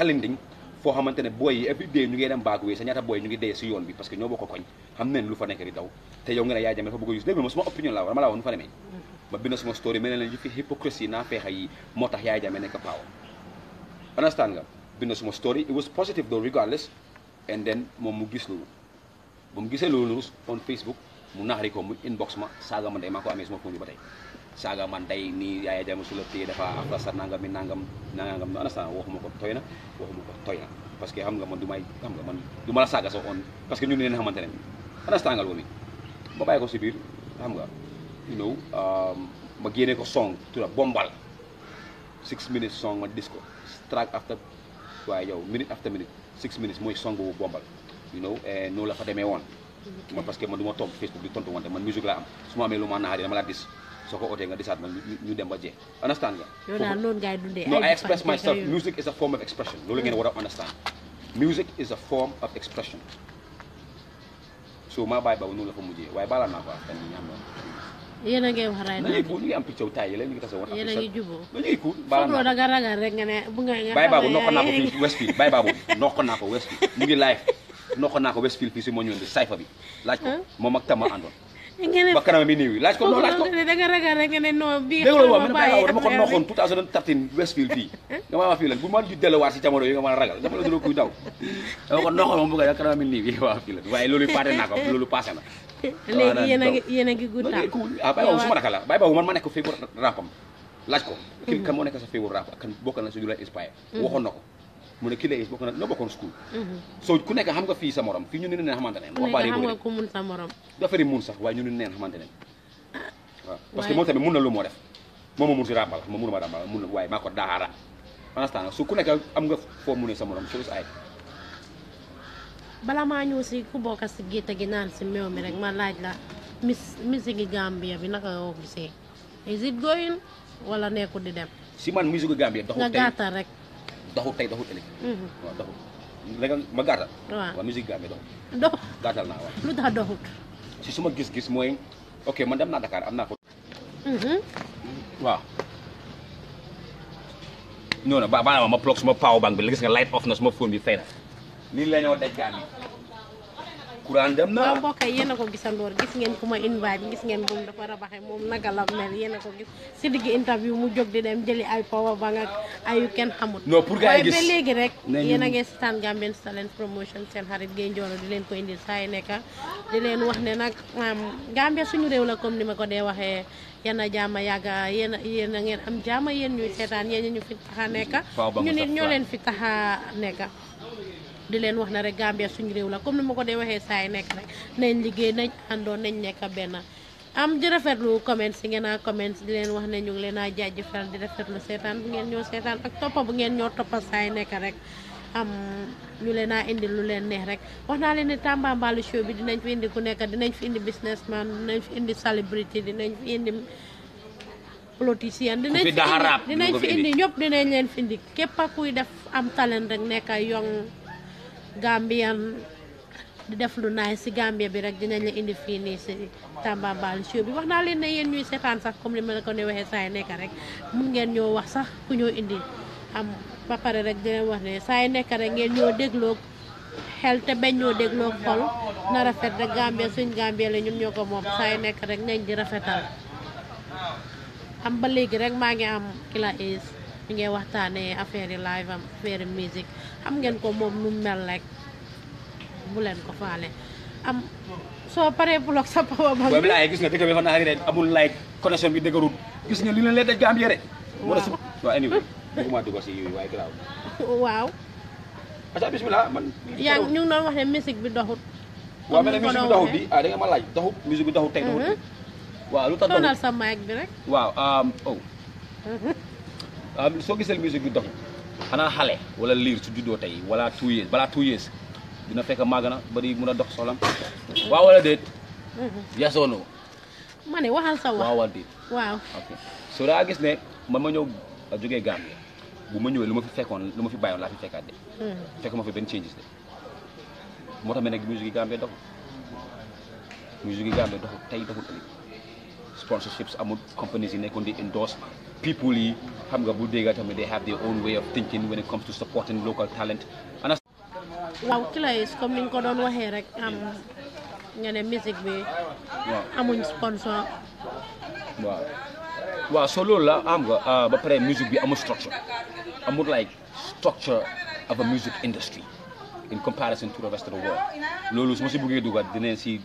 foo xamante booy yi every day ñu ngi dem baak wee sa ñaata booy ñu ngi dee si yoon bi parce que ñoo bokk koñ xam neen lu fa nekk di daw te yow nga ne Yaya dafa bugg use dégg ma suma opinion laa wax dama laa wax nu fa demee mhm. ma bind suma suma story it mu naxari ko mu inbox ma saaga man day maa ko amee suma fóon bi ba tey saaga man day nii yaaya jame su la téye dafa afla sa nangam mi nangam nangam no anastan waxuma ko ko toy na parce que xam nga man du may xam ma la saaga sax on que ñun neen xamante ne anastan nga loolu ma bàyyi ko si biir xam nga you know um, ma génnee ko song tura bombal six minutes song ma dis ko track after waaye yow minute after minute six minutes mooy song boobu bombal you know eh, noonu la fa demee woon man parce que man duma tok facebook di tontu wante man musique la am suma melu lu ma dama la dis soko udah nga disat man ñu dem ba understand nga yo no i express myself music is a form of expression lolu ngeen wara understand music is a form of expression so ma bay ba nu la fa mujjé way bala na ko tan ñi am yéena ini wax ray na ñu am tay la ñu ngi tassé won yéena ngi jubo ñu nah, ko bala na da nga ragal rek nga né bu nga nga bay babu nokko nako fi west bay babu nokko west live noqon naa ko Westfield fii si moo ñëwoon bi sayfa bi laaj ko moom ak tama àndoon ba kanam yi laaj ko laaj ko da nga ragal rek ne non bi déggoo nga maa ma fii la bu ma ju delluwaat si jamono yi nga mën a ragal dafa la a yi paate naa ko loolu passé na léegi yéen a ngi yéen a ngi guddaal ah bàyyi su ma naka la bàyyi boobu man ma nekk féegu rampam laaj ko kii kan moo nekk sa féegu ramp kan bokk si du la inspire hmm. waxoon na ko mu ne kii lay bokk na ñoo school mhm. so ku nekk xam nga fii sa morom fii ñu ne neen xamante ne wax bari nga ko mun sa morom dafari mun sax waaye ñu ne neen xamante ne ah, waaw parce que moom tamit lu moo def moom mu mun si ràmbal ma mënuma ràmbal mun na waaye maa ko daara understand su ku nekk am nga foo mu ne sa morom so is ay bala maa ñëw si ku bokk si gétt gi naan si meew mi rek ma laaj la Miss musique Gambia bi naka nga ko gisee is it going wala nekkul di dem si man musique Gambia doxul tey nga gàttal rek doxul tey doxul ëllëg mhm. waaw doxul léegi ma gàttal waaw musique Gambie doxul doxul gàttal naa waaw lu tax doxul si suma gis-gis mooy ok man dem naa Dakar am naa ko mhm. waaw non non ba baana ma ma plug suma power bank bi la gis nga light off na suma phone bi fay na lii la ñoo daj Gambie courant dem na. waaw mbokk yi yéen a ko gisandoor gis ngeen ku ma invite gis ngeen moom dafa rabaxe moom naka la mel yéen ko gis si digg interview mu jóg di dem jëli ay power ba ak ay kenn xamut. non pour gars yi gis waaye ba léegi rek. yéen a ngi seetaan Gambian Talents promotion seen xarit Gaye Njoro di leen ko indil saa yu nekk di leen wax ne nag Gambia suñu comme ni ma ko dee waxee. yéen a jaama yàgga yéen a yéen ngeen am jaama yéen ñuy seetaan yéen ñu fi tax a ñu nit ñoo leen fi tax a di leen wax na rek Gambia suñu réew la comme ni ma ko dee waxee saay yi nekk rek nañ liggéey nañ àndoon nañ nekk benn am di rafetlu comments yi ngeen a comments di leen wax ne ñu leen a jaajëfal di rafetlu seetaan bu ngeen ñoo seetaan ak toppa bu ngeen ñoo toppa saay nekk rek am ñu leen a indi lu leen neex rek wax naa leen ne Tambambalu show bi dinañ fi indi ku nekk dinañ fi indi businessman dinañ fi indi celebrity dinañ fi indi politicien dinañ fi indi dinañ fi indi ñëpp dinañ leen fi indi képp kuy def am talent rek nekk yong Gambian di def lu naay si Gambia bi rek dinañ la indi fii nii si Tambambalu show bi wax naa leen ne yéen ñuy setaan sax comme li ma la ko ne waxee saa yu nekk rek mun ngeen ñoo wax sax ku ñoo indi am ba pare rek dinañ wax ne saay yu nekk rek ngeen ñoo dégloo xel te bañ ñoo dégloo xol na rafet rek Gambia suñ Gambia la ñun ñoo ko moom saay yu nekk rek nañ di rafetal am ba léegi rek maa ngi am kila Ace mi ngi waxtaanee affaire yi live am affaire musique xam ngeen ko moom nu mel rek bu leen ko faale am soo paree bloc sa power bank boobu laay gis nga dëkk bi fa naxari de amul like connexion bi dëgërul gis nga li leen leen daj Gambie de waaw waaw anyway bëgguma dugg si yooyu waaye garaaw waaw acca bismillah man yaa ngi ñu ngi doon wax ne musique bi doxut waaw mais ah, musique bi doxut bi ah da nga ma laaj waaw lu tax doxut sa mic bi rek waaw um, oh uh-huh. um, soo gisee musique bi doxut xanaa xale wala liir su juddoo tey wala two years balaa two years dina fekk màgg na ba di mun a dox soxlam waaw wala déet. Mm-hmm. yes or no. waxal sa wax waaw wala déet. soo daa gis ne man ma ñëw jógee Gambie bu ma ñëwee lu ma fi fekkoon lu ma fi bàyyoon laa fi fekkaat de. Mm-hmm. fekk ma fi benn changes de moo tax ma nekk musique yi Gambie doxul musique yi Gambie doxul tey doxul ëllëg sponsorships amul companies yi nekkoon di endorsement. people yi xam nga bu dégga tamit they have their own way of thinking when it comes to supporting local talent. waaw Killers comme ni nga ko doon waxee rek am nga ne musique bi. waaw amuñ sponsor. waaw waaw loolu la am nga ah, ba pare musique bi amu structure amul like structure of a music industry in comparison to the rest of the world loolu su ma si bëggee dugal dinañ si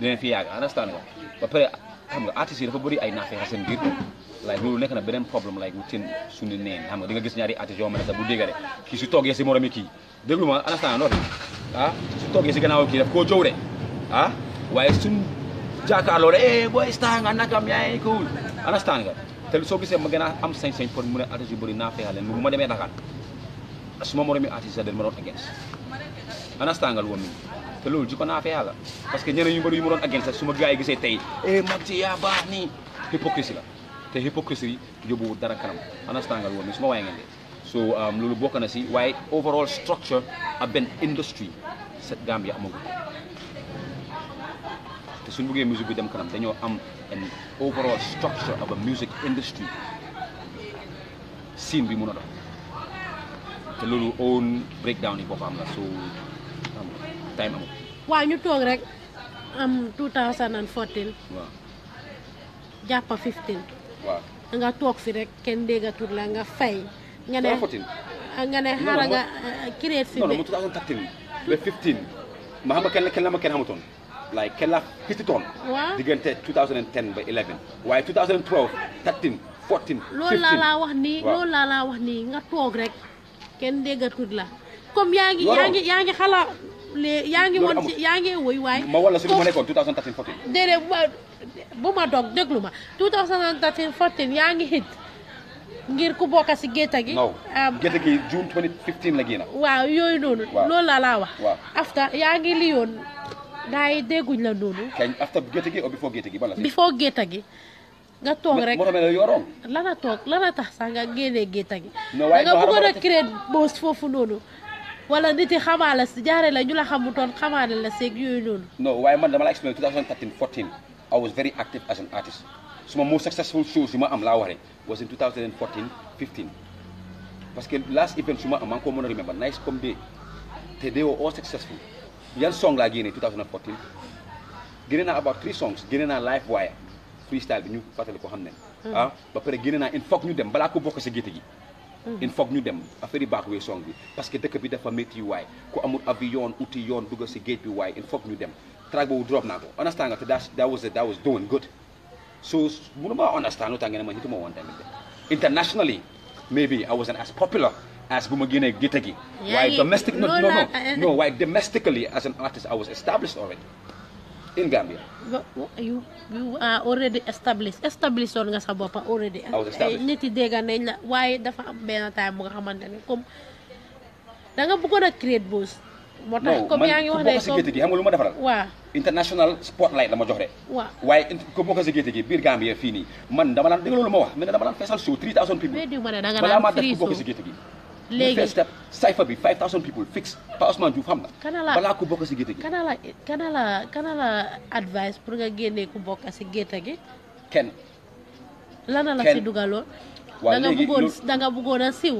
dinañ fi yàgg understand nga ba pare xam nga artistes yi dafa bëri ay naafee seen biir. like loolu nekk na beneen problème like within suñu neen xam nga di nga gis ñaari artiste yoo xam ne sax bu déggee kii su toogee si moromi kii déglu ma anastan noot ah su toogee si gannaaw kii daf koo jow de ah waaye suñ jàkkaarloo de eh booy star nga nakam yaay cool anastan nga te soo gisee ma gën a am sañ-sañ pour mun a artiste yu bëri naa feexal leen bu ma demee Dakar suma moromi artiste dañ ma doon against anastan nga lu woon te loolu jikko naa feexal la parce que ñeneen ñu bëri yu ma doon against suma gars yi gisee eh mag ci yaa baax nii hypocrisie te hypocrisy yóbbuwul dara kanam understand nga loolu um, bokk na si waaye overall structure ab benn industry set Gambia amagul te suñu bëggee musique bi dem kanam dañoo am an overall structure of a music industry scene bi mun a dox te loolu own breakdown yi boppam la so um, time amul waaw ñu toog rek am waaw jàppa nga toog fi rek kenn déggatul la nga fay. nga ne nga ne xaaral nga euh, créer fi. non non mu 2013 ba 15 ma xam kenn kenn la ma kenn xamutoon. like kenn la xititoon. waaw diggante 2010 ba 11 waaye 2012 13 14. 15 loolu laa laa wax nii loolu laa laa wax nii nga toog rek kenn déggatul la. comme yaa ngi yaa ngi yaa ngi xala yaa ngi woon yaa ngi woy waaye. ma wala su ma nekkoon 2013 14. bu ma dog déglu ma 2013 14 yaa ngi hit ngir ku bokk si gétta gi. non gétta gi June 2015 la génn. waaw yooyu noonu. loolu la laa wax. waaw after yaa ngi liyoon gaa yi dégguñ la noonu. kañ after gétta gi ou before gétta gi. before gétta gi. nga toog rek moo tax yoroon lana toog lana tax sax nga génnee gétta gi. da nga bëggoon a créer boos foofu noonu. wala nit yi xamaa la si jaaree la ñu la xamutoon xamaane la seeg yooyu noonu. non waaye man dama la expliqué 2013 14. I was very active as an artist. So my most successful shows you am laware was in 2014, 15. Parce que last event ma am encore remember nice come day. te they were all successful. Yan song lagi in 2014. Gëné na about three songs, naa na waaye wire freestyle bi ñu fatali ko xamné. Hmm. Ah ba pare gëné na in fuck ñu dem bala ko bokk si gëté gi. Hmm. il ñu dem affaire yi baax wee song bi parce que dëkk bi dafa métti waay ku amul avion uti yoon dugg si géej bi waaye il faut ñu dem track will drop now. understand that that was that was doing good so mënuma understand lu tax ngeen ma hituma woon tamit internationally maybe I wasn't as popular as bu Gitagi. génnee domestic no no no no uh, uh. domestically as an artist I was established already in Gambia. you you are already established established on nga already. Eh? I was established eh, nit yi dégg nañ la waaye dafa am time bu nga create boost. moo tax comme ngi wax ne gi xam nga international spotlight la ma jox de waaw waaye ko bokk si géete gi biir Gambia fii nii man dama wax mais dama show 3000 people balaa maa def ko bokk gi first step cypher bi 5000 people fix Pa Ousmane Diouf xam na kanala balaa bokk si géete gi kanala kanala kanala advice pour nga génnee ku bokk gi la da nga da nga siw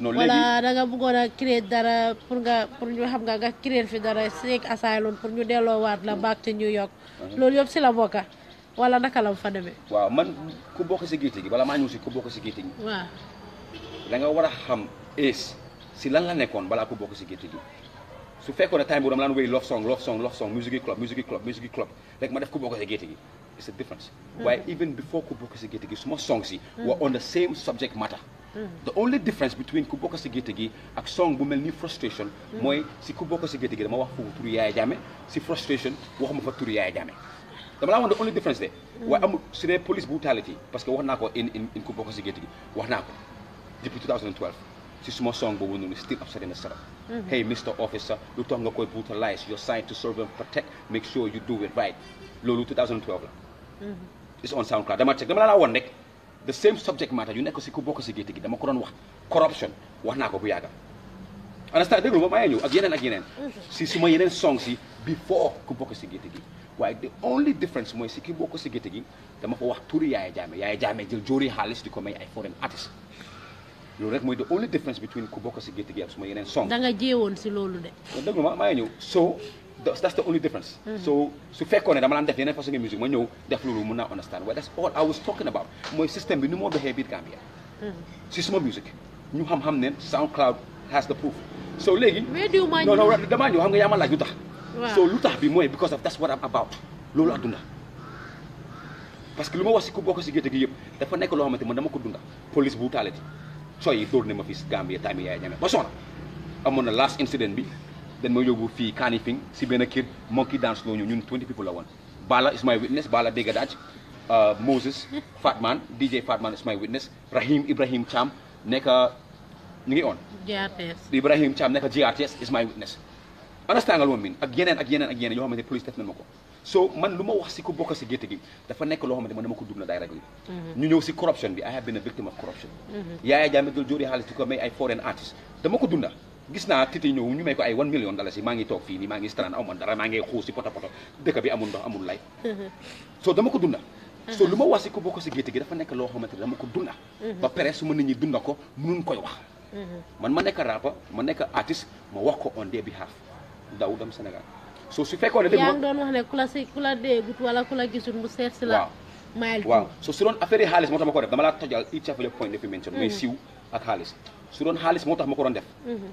wala da nga bëggoon a créer dara pour nga pour ñu xam nga nga créer fi dara seek asylum pour ñu delloowaat la back to new york uh-huh. loolu yëpp si la bokka wala naka la fa demee waaw man ku bokk si géete gi wala maa ñëw si ku bokk si géete gi waaw da nga war a xam ace si lan la nekkoon balaa ku bokk si géete gi su fekkoon ne time bu dama laan wéy love song love song love song music club music club music club rek ma def ku bokk si géete gi it's a difference waaye uh-huh. even before ku bokk si géete gi suma song si wa uh-huh. on the same subject matter the only difference between kuboko bokk si ak song bu mel frustration mooy si kuboko bokk si gétt gi dama wax yaay si frustration waxuma fa tur yaay jaame dama the only difference there. waaye amul su police brutality parce que ko in in ku bokk si ko depuis 2012 si suma song boobu noonu still upset in the hey Mr Officer lu tax nga koy brutalize you're signed to serve and protect make sure you do it right loolu 2012 la mhm. it's on SoundCloud dama check dama laa won the same subject matter You nekk si ku bokk si gétt gi dama ko doon wax corruption wax naa bu yàgga understand déglu ma maa ñëw ak yeneen ak yeneen si suma yeneen song si before ku bokk si gétt gi waaye the only difference mooy si ki bokk si gétt gi dama ko wax turi Yaya Jammeh Yaya Jammeh jël jóori xaalis di ko may ay foreign artist loolu rek mooy the only difference between ku bokk si gétt gi ak suma yeneen song da nga jéewoon si loolu de déglu ma maa ñëw so that's the only difference. Mm-hmm. so su fekkoon ne dama daan def yeneen façon musique ma ñëw def loolu mun naa understand waaye that's all I was talking about mooy système bi ni moo doxee biir Gambia. Mm-hmm. si suma musique ñu xam-xam ne SoundCloud has the proof. so léegi. mais diw maa ñëw non non damaa nga yaa ma laaj lu tax. so tax bi mooy because of that's what I'm about loolu adduna. parce que lu ma wax si ku bokk si gerte gi yëpp dafa nekk loo xamante man dunda police brutality sooy dóor ne ma fi Gambia time yaay ñame ba soxna amoon na last incident bi. dañ ma yóbbu fii Kanifing si benn kër monkey dance loo ñu ñun 20 people la woon Bala is my witness Bala Dégga uh, Moses Fatman DJ Fatman is my witness Rahim Ibrahim Cham nekk ñu ngi on Ibrahim Cham nekk GRTS is my witness understand nga lu ma ak yeneen ak yeneen ak xamante police def na ma ko so man lu ma wax si ku bokk si gétt gi dafa nekk loo xamante man dama ko dugg na mhm. ñu ñëw si corruption bi I have been a victim of corruption mhm. gis naa titi ñëw ñu may ko ay 1 million dalasi maa ngi toog fii nii maa ngi strand aw ma dara maa ngi xuus si dëkk bi amul ndox amul lay soo dama ko dunda soo lu ma wax si ko bokk si gétt gi dafa nekk loo xamante ne dama ko dunda ba pare su ma nit ñi dunda ko mënuñ koy wax man ma nekk rapper ma nekk artiste ma wax ko on their behalf daw dem Sénégal soo su fekkoon ne yaa ngi doon wax ne ku la si ku la ku la gisul mu seet si la maayal waaw soo su doon affaire xaalis moo tax ma ko def de mm-hmm. xaalis moo tax ma ko doon def mm-hmm.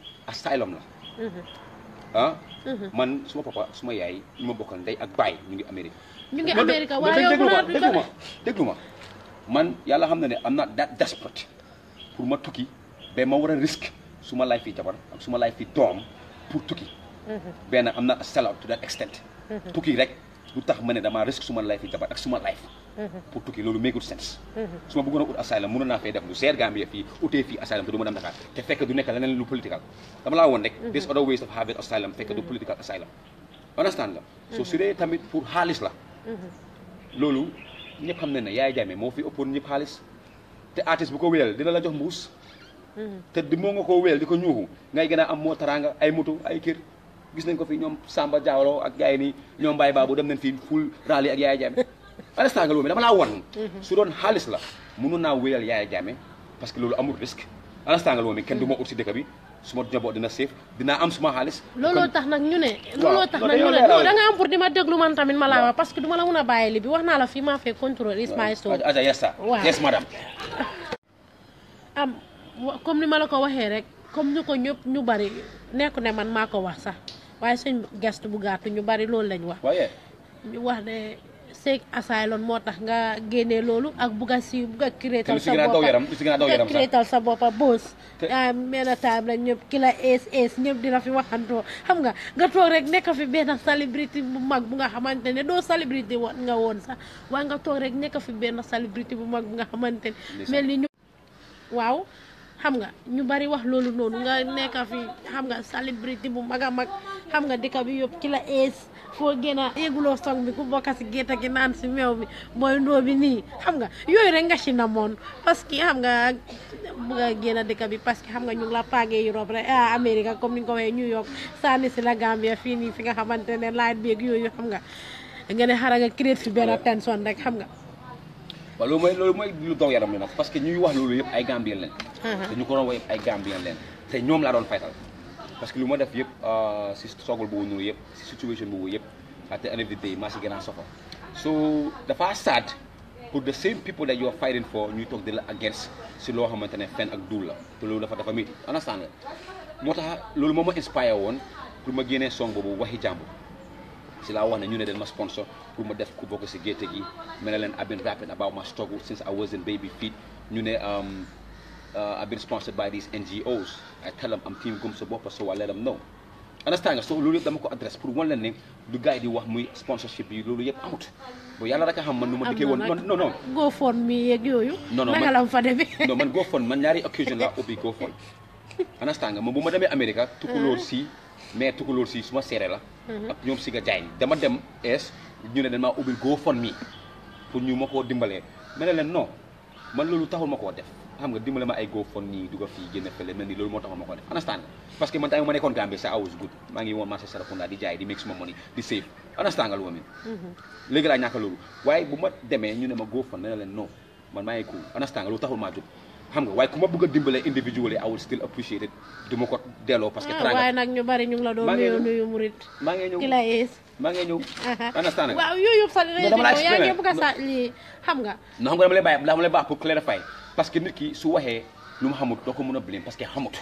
asylum la mhm. ah mhm. man suma papa suma yayi ñu ma bokkal day ak bay ñu ngi Amérique ñu ngi Amérique waaye yow ma déglu ma déglu ma man yalla xamna ne amna desperate pour ma tukki be ma wara risque suma life fi jabar ak suma life fi dom pour tukki hmm ben amna sell out to that extent mhm. tukki rek lutax mané dama risque suma life fi jabar ak suma life Mm-hmm. pour tukki loolu méegut sens mm-hmm. su ma bëggoon a ut asylum mënoon naa fay def lu seer Gambia fii utee fii asylum te du ma dem Dakar te fekk du nekk leneen lu political dama laa woon rek des mm-hmm. other ways of having asylum fekk du political asylum understand la so su dee tamit pour xaalis la loolu ñëpp xam nañ ne Yaya Jammeh moo fi ëppoon ñëpp xaalis te artiste ko dina la jox mbuus te di moo nga koo wéyal di ko ñuuxu ngay gën a am moo taraanga ay moto ay kër gis nañ ko fi ñoom Samba Diawlo ak gars yi nii ñoom Baye Babou dem nañ fii ful raali ak Yaya Jammeh instant nga loolu dama la won su don halis la munu na weyal yaay jame parce que lolu amul risque ala l'instant nga loolu kenn mhm. du ma ut bi suma njaboot dina safe dina am suma halis lolu kan- tax nak ñune lolu tax nak ñune ne non da nga am pour dima deglu man tamit mala wa parce que duma la muna bayeli bi waxna la fi ma fee contrôle is my soul aja yesa yes madam am comme ni mala ko waxe rek comme ñuko ñep ñu bari nekku ne man mako wax sax waye suñ guest bu gatt ñu bari lolu lañ wax ñu wax ne sek asylum motax nga génne lolu ak bugg si siiw bugg sa bopa bugg sa ah, bopa sa boppa mena time la ñep ki la ees ñep dina fi waxanto xam nga nga tok rek nek fi ben celebrity bu mag bu nga xamantene do celebrity won nga won sax wa nga tok rek nek fi ben celebrity bu mag bu nga xamantene melni ñu waw xam nga ñu bari wax lolu noonu nga nek fi xam nga celebrity bu mag mag xam nga dëkk bi yëpp ki la foo génn a yéeguloo sol mi ku bokk si gétt gi naan si meew mi mooy ndóo bi nii xam nga yooyu rek nga si na moon parce que xam nga bëgg a génn a dëkk bi parce que xam nga ñu ngi la paagee Europe ah, comme ni nga ko waxee New York si la Gambia fii nii fi nga xamante ne laaj beeg yooyu xam nga nga ne xara nga créé fi benn tension rek xam nga. waaw loolu mooy loolu mooy lu daw yaram mi nag parce que ñuy wax loolu yëpp ay Gambien leen. Uh-huh. ko doon wax yëpp ay te ñoom la doon faytal. parce que lu ma def yëpp euh, si soogul boobu noonu yëpp si situation boobu yëpp at the end of the day maa si gën a so dafa sad pour the same people that you are fighting for ñuy toog di la against si loo xamante ne fen ak duul la te loolu dafa dafa métti understand moo tax loolu moom ma inspire woon pour ma génnee song boobu waxi jàmbur si laa wax ne ñu ne den ma sponsor pour ma def ku bokk si gerte gi ma ne leen I've been rapping about my struggle since I was in baby feet ñu ne um, uh, I've been sponsored by these Sa Bopp so I let them know. understand nga so loolu yëpp dama ko adresse pour wan la ne du gars yi wax muy sponsorship yi loolu yëpp amut bo yàlla rek a xam man nu ma dëkkee woon non non non GoFund mi yeeg yooyu non non nanga la fa demee non man GoFund man ñaari occasion laa ubbi ma demee Amérique tukulóor mm-hmm. si mais tukulóor si su ma seere la mm-hmm. ak ñoom si nga dama dem ñu ne dañ maa ubbi GoFund pour ñu ma koo dimbalee ma ne leen non man loolu taxul ma koo def xam nga dimbalé ma ay ni duga fi gene fele melni ni motax mako def understand parce que man tay ma nekkon gambé sa awus was good ngi won marché fonda di jaay di make money di save understand nga lu ma min mhm. léegi laa ñàkk loolu waaye bu ma demee ñu né ma gofon ne leen non man maa ngi cool understand nga loolu taxul ma jup xam nga waye ku ma bëgg dimbalé dimbale individually I still appreciate it du ma ko delloo parce que ah, teraanga waaye nag ñu bari ñu la do nuyu nuyu murit ma ngi ñëw ki la yees maa ngi ñëw understand nga waaw yoyu sa dama ya expliqué bëgg sa li xam nga non xam nga dama lay bàyyi dama lay bax pour clarify parce que nit ki su waxee lu mu xamut doo ko mën a blame parce que xamut.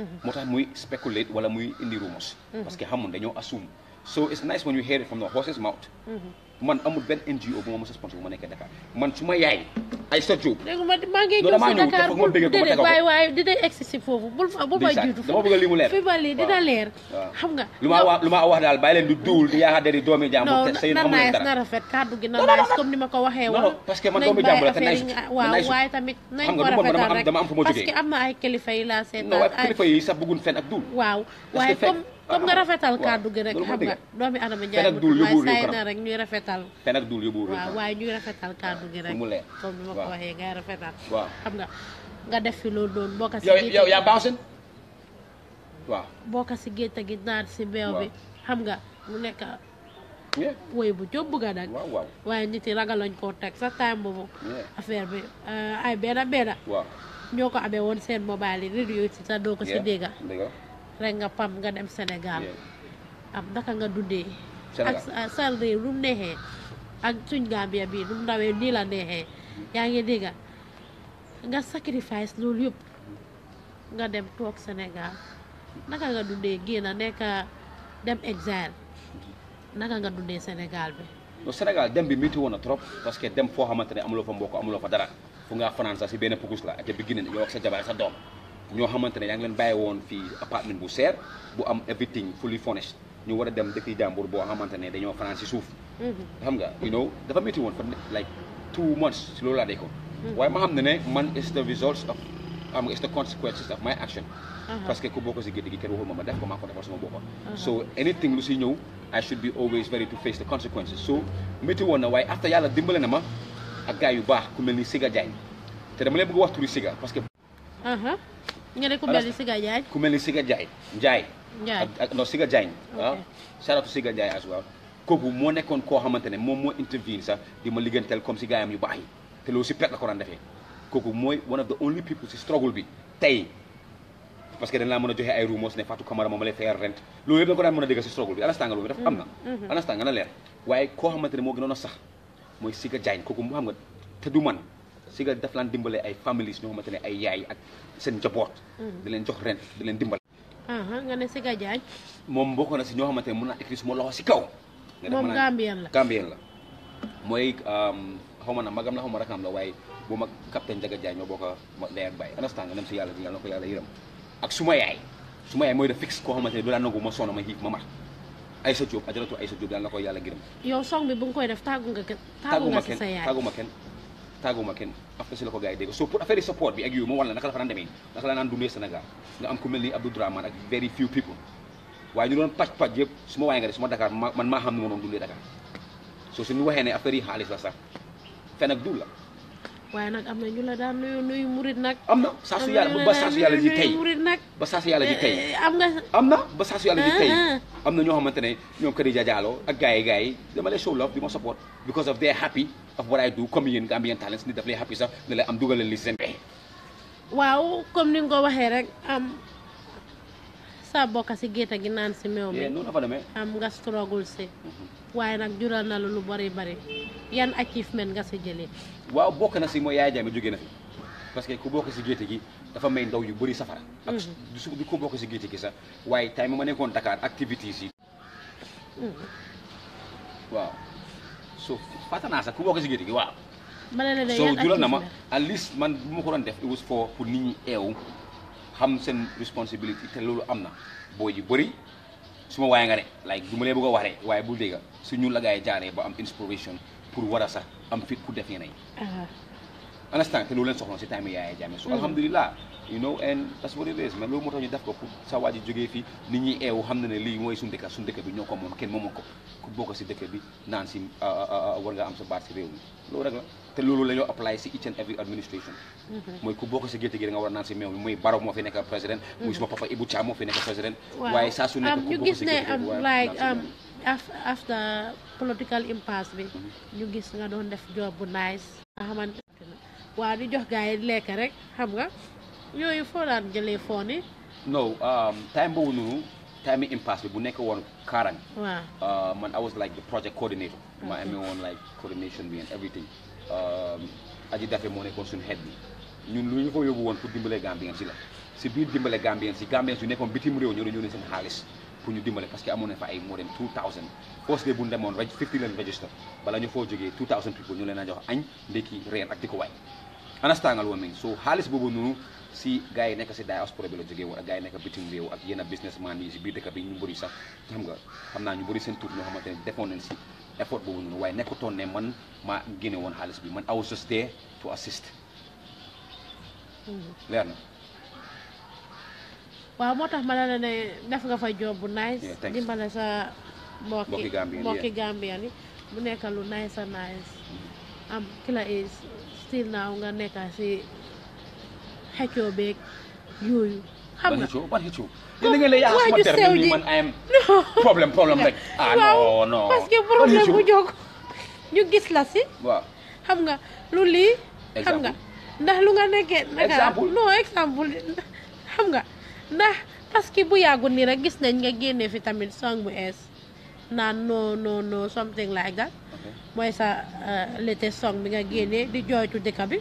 Mhm. moo tax muy spéculate wala muy indi rumors. Mhm. parce que xamul dañoo assume so it's nice when you hear it from the horse's mouth. Mhm. man amul benn NGO bu ma mos a bu ma nekkee Dakar man su ma yaay ay sa Diop. nga maa ngi ñëw si Dakar bu déedéet waay waay dinañ egsi si foofu bul bul ma jiitu. dama bëgg li mu leer fi ma lii dina leer. xam nga lu ma wax wax daal bàyyi leen di duwul di yaakaar doomi jàmbur. na amuleen na rafet kàddu gi na nice comme ni ma ko waxee woon. parce que man doomi jàmbur la te nice waaw waaye tamit nañ ko rafetal rek parce que am na ay kilifa yi laa seetaan. non waaye sax bëgguñ fen ak duul. waaw waaye comme comme nga rafetal kàddu gi rek xam nga doomi adama njaay waaye saay na rek ñuy rafetal te nag dul yóbbu waaye ñuy rafetal kàddu gi rek comme ni ma ko waxee ngay rafetal waaw xam nga nga def fi loolu noonu bokka ko yow yaa baaxoon si gétt gi naan si meew bi xam nga mu nekk woy bu jóg bëgg nag waaye nit yi ragal lañ koo teg sa time boobu affaire bi euh, ay benn benn ñoo ko amee woon seen mobile yi rédio yi si sa doo ko si dégga rek nga pam nga dem Sénégal ab naka nga dundee ak salri lu mu neexee ak suñ Gambia bii lu mu ndawee nii la neexee yaa ngi dégg nga sacrifice loolu yëpp nga dem toog senegal naka nga dundee génn nekka dem exil naka nga dundee Sénégal bi no dem bi métti woon na trop parce que dem foo xamante ne amuloo fa mbokk amuloo fa dara fu ngaa fanaan sax si benn pukus la ak te bi génne yow ak sa jabar sa doom ñoo xamante ne yaa ngi leen bàyyi woon fii appartement bu seer bu am everything fully furnished ñu war a dem dëkk jàmbur boo xamante ne dañoo fanaan si suuf. Mm-hmm. xam nga you know dafa métti woon fa like two months si loolu laa ko mm-hmm. waaye ma am na ne man is the results of xam nga is the consequences of my action. Uh-huh. parce que ku bokk si gëdd gi kenn waxul ma ma def ko maa ko defal sama boppa uh-huh. so anything lu si ñëw I should be always ready to face the consequences so métti woon na yàlla dimbale na ma ak gars yu baax ku mel ni Siga te dama wax parce que. Uh-huh. nga ne ku mel ni Siga Diagne ku mel ni Siga Diagne Ndiaye ak non Siga Diagne ah saratu Siga kooku moo nekkoon koo xamante ne moom moo intervene sax di ma liggéeyanteel comme si gaayam yu baax yi te loolu si pet la ko defee kooku mooy one of the only people si struggle bi tey parce que dañ laa mën a joxe ay rumeurs ne Fatou Camara moom lay fayal rent loolu yëpp da ko daan mën a dégg si struggle bi alastanga loolu dafa am na alastanga mm-hmm. mm-hmm. na leer waaye koo xamante moo gënoon a sax mooy Siga Diagne kooku mu xam nga te du man Siga daf laan dimbale ay families ñoo xamante ne ay yaay ak seen njaboot. Mm-hmm. di leen jox ren di dimbal dimbal. Uh-huh, nga ne Siga Diagne. moom bokk na si ñoo xamante ne mën naa écrire suma loxo si kaw. moom Gambien la Gambien la. mooy um, xaw na magam la xaw ma rakam la waaye bu mag capitaine Ndiaga Diagne ñoo bokk a ndey ak bàyyi si yàlla di yàlla ko yàlla yërëm ak suma yaay suma yaay mooy de fixe koo xamante ne du daan nangu ma sonn ma xiif ma sa Aïssa Diop ay Aïssa Diop yàlla na ko yàlla gërëm. yow song bi bu nga koy def tàggu nga kenn tàggu nga si sa yaay tàggu ma kenn tàgguma kenn après si la ko gars yi dégg so pour affaire yi support bi ak yooyu moo war la naka la fa daan demee naka la naan dundee Sénégal nga am ku mel ni Abdou Dramane ak very few people waaye ñu doon paj paj yëpp su ma waaye nga de su ma Dakar man maa xam ne ma doon dundee Dakar so suñu waxee ne affaire yi xaalis la sax fen ak du la nag am na ñu la daan nuyu nuyu murit nag am na saa su yàlla ba saa su yàlla ji eh, tey ba saa su yàlla ji tey am nga am na ba saa su yàlla ji tey ah, ah. am na ñoo xamante ne ñoom Khadija Diallo ak gars yi gars yi dama lay show love di ma support because of they happy of what I do comme yéen Gambian Talents ni daf lay happy sax ne la am dugalal li seen waaw comme ni nga ko waxee rek am sa bokk si gétt gi naan si meew mi am nga struggle si mm-hmm. waaye nag jural na la lu bari bari yan achievement nga si jëlee waaw bokk na si mooy yaay jaame jóge na fi parce que ku bokk si gétt gi dafa may ndaw yu bëri safara ak mm-hmm. du ko bokk si gétt gi sax waaye time ma nekkoon Dakar activités yi mm-hmm. waaw so fata na sa ku bokk ci waaw so jula na at least man bu ko def it was for pour nit ñi eew xam sen responsibility té lolu amna boy ji bëri suma nga like duma lay bëgg a waxee waaye bul dégg su la jaaré ba am inspiration pour wara sax am fit ku def yeneen ah understand té lolu leen ci time yaay ya, ya, jame ya. so hmm. alhamdulillah you know and that's what it is man loolu moo tax ñu def ko pour sa waa ji jógee fii nit ñi eewu xam na ne lii mooy suñu dëkk suñu dëkk bi ñoo ko moom kenn moomoo ko ku bokk si dëkk bi naan si ah, ah, ah, war nga am sa baat si réew mi loolu rek la te loolu la ñoo apply si each and every administration mm-hmm. mooy ku bokk si gétt gi da nga war a naan si meew mi muy Barrow moo fi nekk président muy mm-hmm. suma papa Ibou Cham moo fi nekk président waaye saa su nekk um, ku bokk si gétt gi um, like um, after political impasse bi mm-hmm. ñu gis nga doon def job bu nice nga xamante ne waaw di jox gars yi lekk rek xam nga yooyu foo daan jëlee foon yi. no um, time boobu nu, time yi impasse bi bu nekk woon Karang. waaw uh, man I was like the project coordinator. ma amee woon like coordination me and everything. Um, aji dafe moo nekkoon suñu xeet bi ñun lu ñu ko yóbbu woon pour dimbale Gambien si la si biir dimbale Gambien si Gambien su nekkoon bitim réew ñoo doon yónnee seen xaalis. pour ñu dimbale parce que amoon fa ay more than 2000 first day bu ñu demoon fifty register bala ñu foo jógee 2000 people ñu leen a jox añ ndékki reer ak di ko anasta ngal I so halis boobu nunu. si guy neka ci si diaspora bi lo jige wala gay nek bitim rew ak yena businessman yi ci bi dëkk bi ñu bëri sax xam nga xam ñu seen tour ñoo xamantene effort boobu nunu. way nek ne man ma génne won halis bi man I was to assist hmm. leer wa motax moo na ma ne la ne def nga fa job bu nice sa mbokki mbokki gambian yi mu nekkal lu nice nice mm-hmm. am kila is still naaw nga nekka si xëccoo beeg yooyu. xam nga ban xëccoo problème problème rek. Ah, ñu gis la si. xam nga lu lii. xam nga ndax lu nga nekkee. exemple non exemple xam nga ndax parce que bu yàggul nii rek gis nañ nga génne fi tamit song bu ees naan non non something like that. mooy sa euh, lete song bi nga génnee di jooytu dëkk bi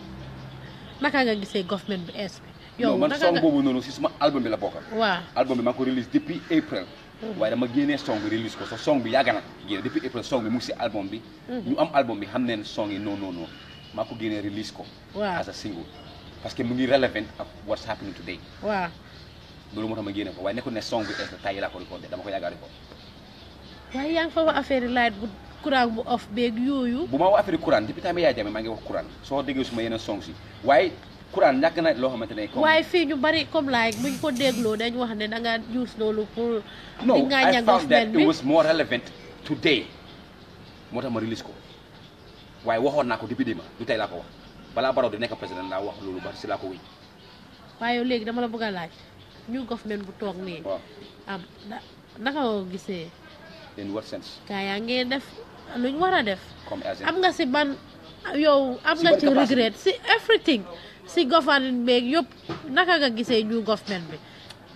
naka nga gisee government bi es bi yow man song boobu noonu si suma album bi la bokkal waaw album bi maa ngi ko release depuis april mm-hmm. waaye dama génnee song bi release ko so song bi yàgg na génne depuis april song bi mu ngi si album bi mm-hmm. ñu am album bi xam neen song yi noonu noonu maa ko génnee release ko waaw as a single parce que mu ngi relevant ak what's happening today waaw loolu moo tax génne ko waaye nekkul ne song bi es la ko recordé courant bu off beeg yooyu. bu ma wax affaire courant depuis temps yaay jame maa ngi wax courant soo déggee suma yeneen song si waaye courant ñàkk na loo xamante ne. waaye fii ñu bari comme like bu ñu ko dégloo dañ wax ne da nga use loolu pour. di a mel bi non I moo tax ma release ko waaye waxoon naa ko depuis démb du tey laa ko wax balaa Barrow di nekk président laa wax loolu ba si laa ko wéy. waaye léegi dama la bëgg a laaj ñu government bu toog nii. am na naka nga ko gisee. in what sense. yaa ngeen def. luñ war a def. am nga si ban yow am nga ci regret si everything si beeg yëpp naka nga gisee ñu government bi.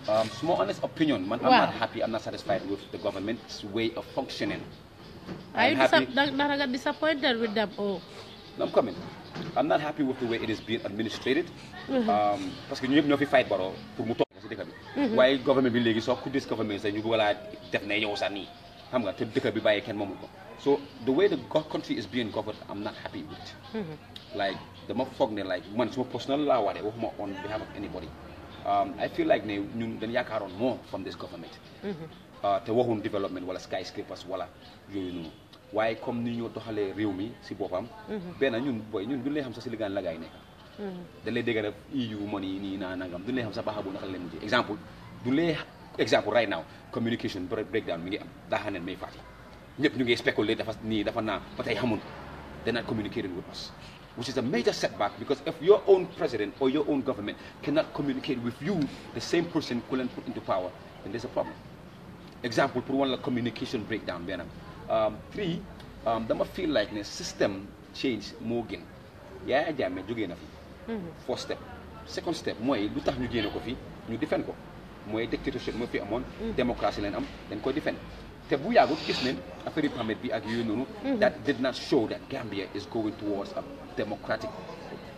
Um, small honest opinion, man, I'm not happy, I'm not satisfied with the government's way of functioning. Are I'm you happy. disappointed with them? Oh. No, I'm coming. I'm not happy with the way it is being administrated. Why mm-hmm. um, parce que ñu ñëpp ñoo fi fight baro pour mu toog si dëkk bi. Mm-hmm. waaye government bi léegi soo ku government ñu bëgg def ne yow sax nii xam nga te dëkk bi bàyyi kenn moomu ko. So the way the country is being governed, I'm not happy with. Mm -hmm. Like the more fog, like man, it's more personal law, on behalf of anybody. Um, I feel like they yakar on more from this government. The mm uh, development, wala skyscrapers, wala you know. Why come ni to doxalee réew mi si boppam. Mm-hmm. benn ñun boy ñun duñ lay xam sax si liggéey la gaay nekk. Mm-hmm. dañ lay dégg rek EU money nii naa nangam duñ lay xam sax baaxa bu naka la example. right now communication breakdown mi ngi am daaxaneen may fàttali ñëpp ñu ngi speculate. dafa nii dafa naa ba xamul they're not communicating with us which is a major setback because if your own president or your own government cannot communicate with you the same person couldn't put into power then there's a problem example pour one la communication breakdown benn am um, three dama um, feel like the system change moo gën Yahya Jammeh jógee na fi mm-hmm. first step second step mooy lu tax ñu génne ko fi ñu defend ko mooy dictatorship moo fi amoon mm. démocratie leen am dañ koy defend te bu yàggut gis nañ affaire permit bi ak yooyu mhm. that did not show that Gambia is going towards a democratic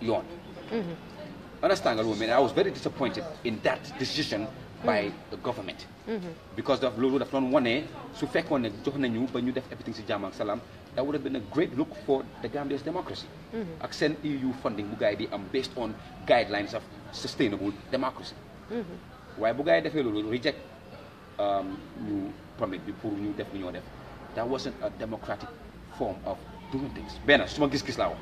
yoon. Mhm. understand nga loolu I was very disappointed in that decision. by mhm. the government. because daf loolu daf doon wane so fekkoon ne jox nañu ba ñu def everything is jàmm that would have been a great look for the Gambia's democracy. ak EU funding bu am based on guidelines of sustainable democracy. Why bu gars yi reject ñu permit bi pour def lu def that wasn't a democratic form of doing things benn su ma gis-gis laa wax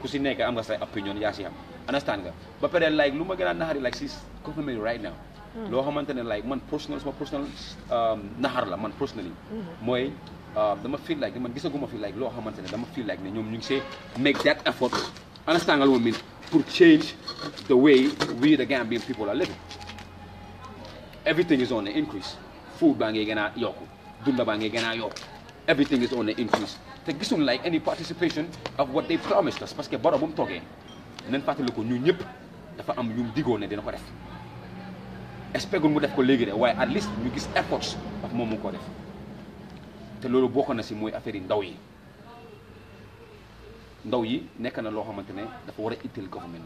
ku am nga say opinion yaa si am understand nga ba pare like lu ma gën like si government right now hmm. loo xamante like man personal suma personal um, naxar la man personally hmm. Moi, um, dama feel like man gisaguma fi like loo xamante dama feel like ne ñoom say make that effort understand nga lu ma mean to change the way we the Gambian people are living everything is on the increase food baa ngee gën dunda baa ngee gën everything is on the increase te gisuñ like any participation of what they promised us Because parce que boro bu mu toogee nañ fàttaliku ñu ñëpp i am yu mu digoon ne dina ko def espegul mu def ko de waaye at least ñu gis efforts ak moom mu ko def te loolu bokk na si mooy affaire yi Dawi, yi ndaw yi nekk na loo xamante ne dafa war government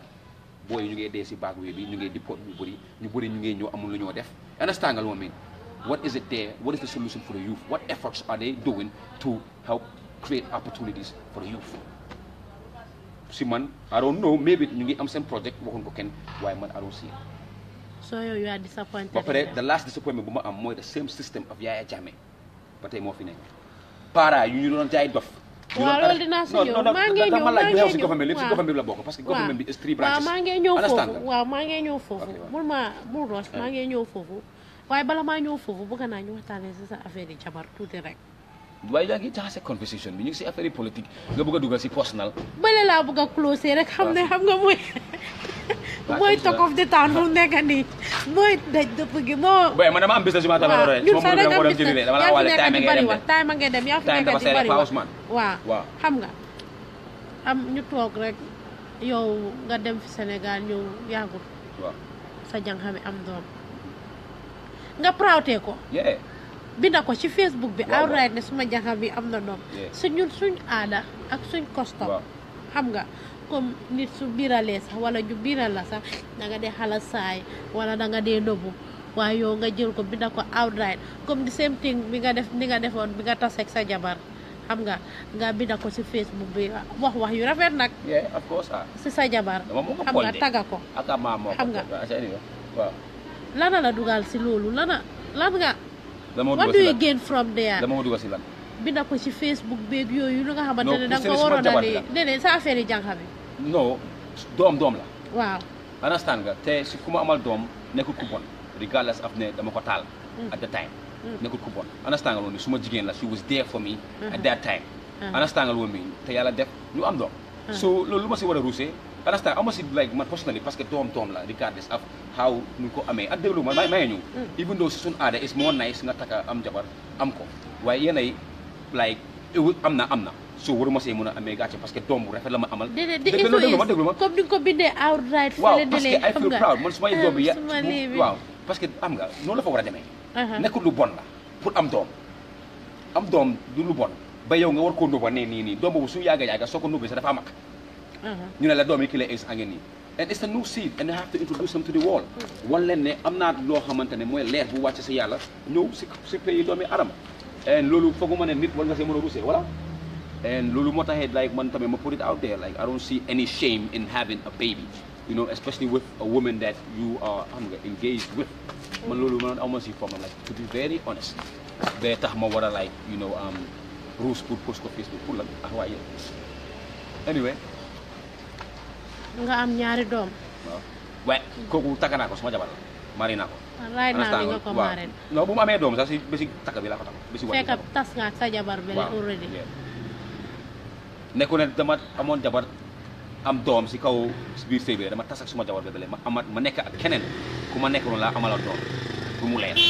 Boy, you get desi si baag bi ñu ngee di pot ñu bëri ñu bëri ñu ngee ñëw amul lu def understand nga lu ma what is it there? What is the solution for the youth? What efforts are they doing to help create opportunities for the youth? si man I don't know maybe ñu ngi am seen project waxuñ man I don't see it. so you are disappointed. ba pare the last disappointment bu am mooy the same system of Yaya But ba tey moo fi nekk. para you don't die dof. waaw loolu dinaa si ñëw maa ngi government lépp si parce que government bi is three branches. waaw maa ngi ñëw foofu waaw maa ngi ñëw foofu. bul ma bul roche maa ngi ñëw foofu. waaye bala ma ñëw fofu bëgg naa ñu waxtane ci sa affaire yi ya jabar tuuti rek waaye daa ngi jaxase conversation bi ñu ci si affaire politique nga bëgg duggal ci si personal bële la bëgg closer rek xam ne xam nga moy moy talk of the town lu nekk nii mooy daj de bëgg mo bay man dama am business yu ma tamal rek ñun sax dem am business dama la wala time nga dem time nga dem ya fi nga di bari wa wa xam nga am ñu tok rek yow nga dem fi Sénégal ñëw wa sa jang xame am doom nga prawtee ko binda ko ci facebook bi awraay ne suma jaxa bi am na doom su ñun suñ aada ak suñ custom xam nga comme nit su biiralee sax wala ñu biiral la sax danga dee xala saay wala danga dee nëbbu waaye yow nga jël ko binda ko outright comme the same thing bi nga def ni nga defoon bi nga taseeg sa jabar xam nga nga binda ko si facebook bi wax wax yu rafet nag ah. si sa jabar xam nga taga ko xam nga waaw lana la dugal si loolu lana lan nga. what do you gain from there dama dugal lan. binda ko si Facebook beeg yooyu lu nga xamante ne da nga ko ne sa affaire yi jànq bi. non doom doom la. waaw. understand nga te si ku ma amal doom nekkul ku bon regardless af ne dama ko taal. Mm. at the time. Mm. nekkul ku bon understand nga loolu su ma jigéen la she was there for me. at mm-hmm. that time. Mm. understand nga loolu mi te yàlla def ñu am doom. so loolu lu ma si war a ruusee. pendant ce amosi like, man personally parce que doom doom la regardless of how nous ko amé ak déglu ma may ñu even though si ada, more nice nga taka am jabar am ko like amna amna, so waruma see mën a amee gàcce parce que rafet la ma amal comme ah, ni ko bindee outright waaw parce que I feel proud man su may doom Wow, parce que am nga noonu la fa war a demee lu bon la pour am doom am doom du lu bon ba yow nga war koo ndóoba su dafa ñu ne la doomi kile is a ngeen nii and it's a new seed and you have to introduce them to the world wan mm-hmm. leen ne am naa loo xamante ne mooy leer bu wàcc si yàlla ñëw si si pays doomi aadama and loolu fooguma ne nit war nga see mën a rusee voilà and loolu moo taxee like man tamit ma put it out there like I don't see any shame in having a baby you know especially with a woman that you are xam nga engaged with mm-hmm. man loolu man aw ma si problème like to be very honest bee tax ma war a like you know um ruus pour post ko Facebook pour la ak waaye anyway nga am ñaari dom, wa koku takana ko sama jabar mari naa ko ray na bi nga ko mari no bu mu amee doom sax iya. si bési takka bi la ko takk bési fekk tas nga sa jabar bi la already nekku ne dama amone jabar am dom ci kaw bir sey be dama tas ak suma jabar bi dale ma amat ma nek ak kenen kuma nek nekkoon laa amaloon doom bu mu leer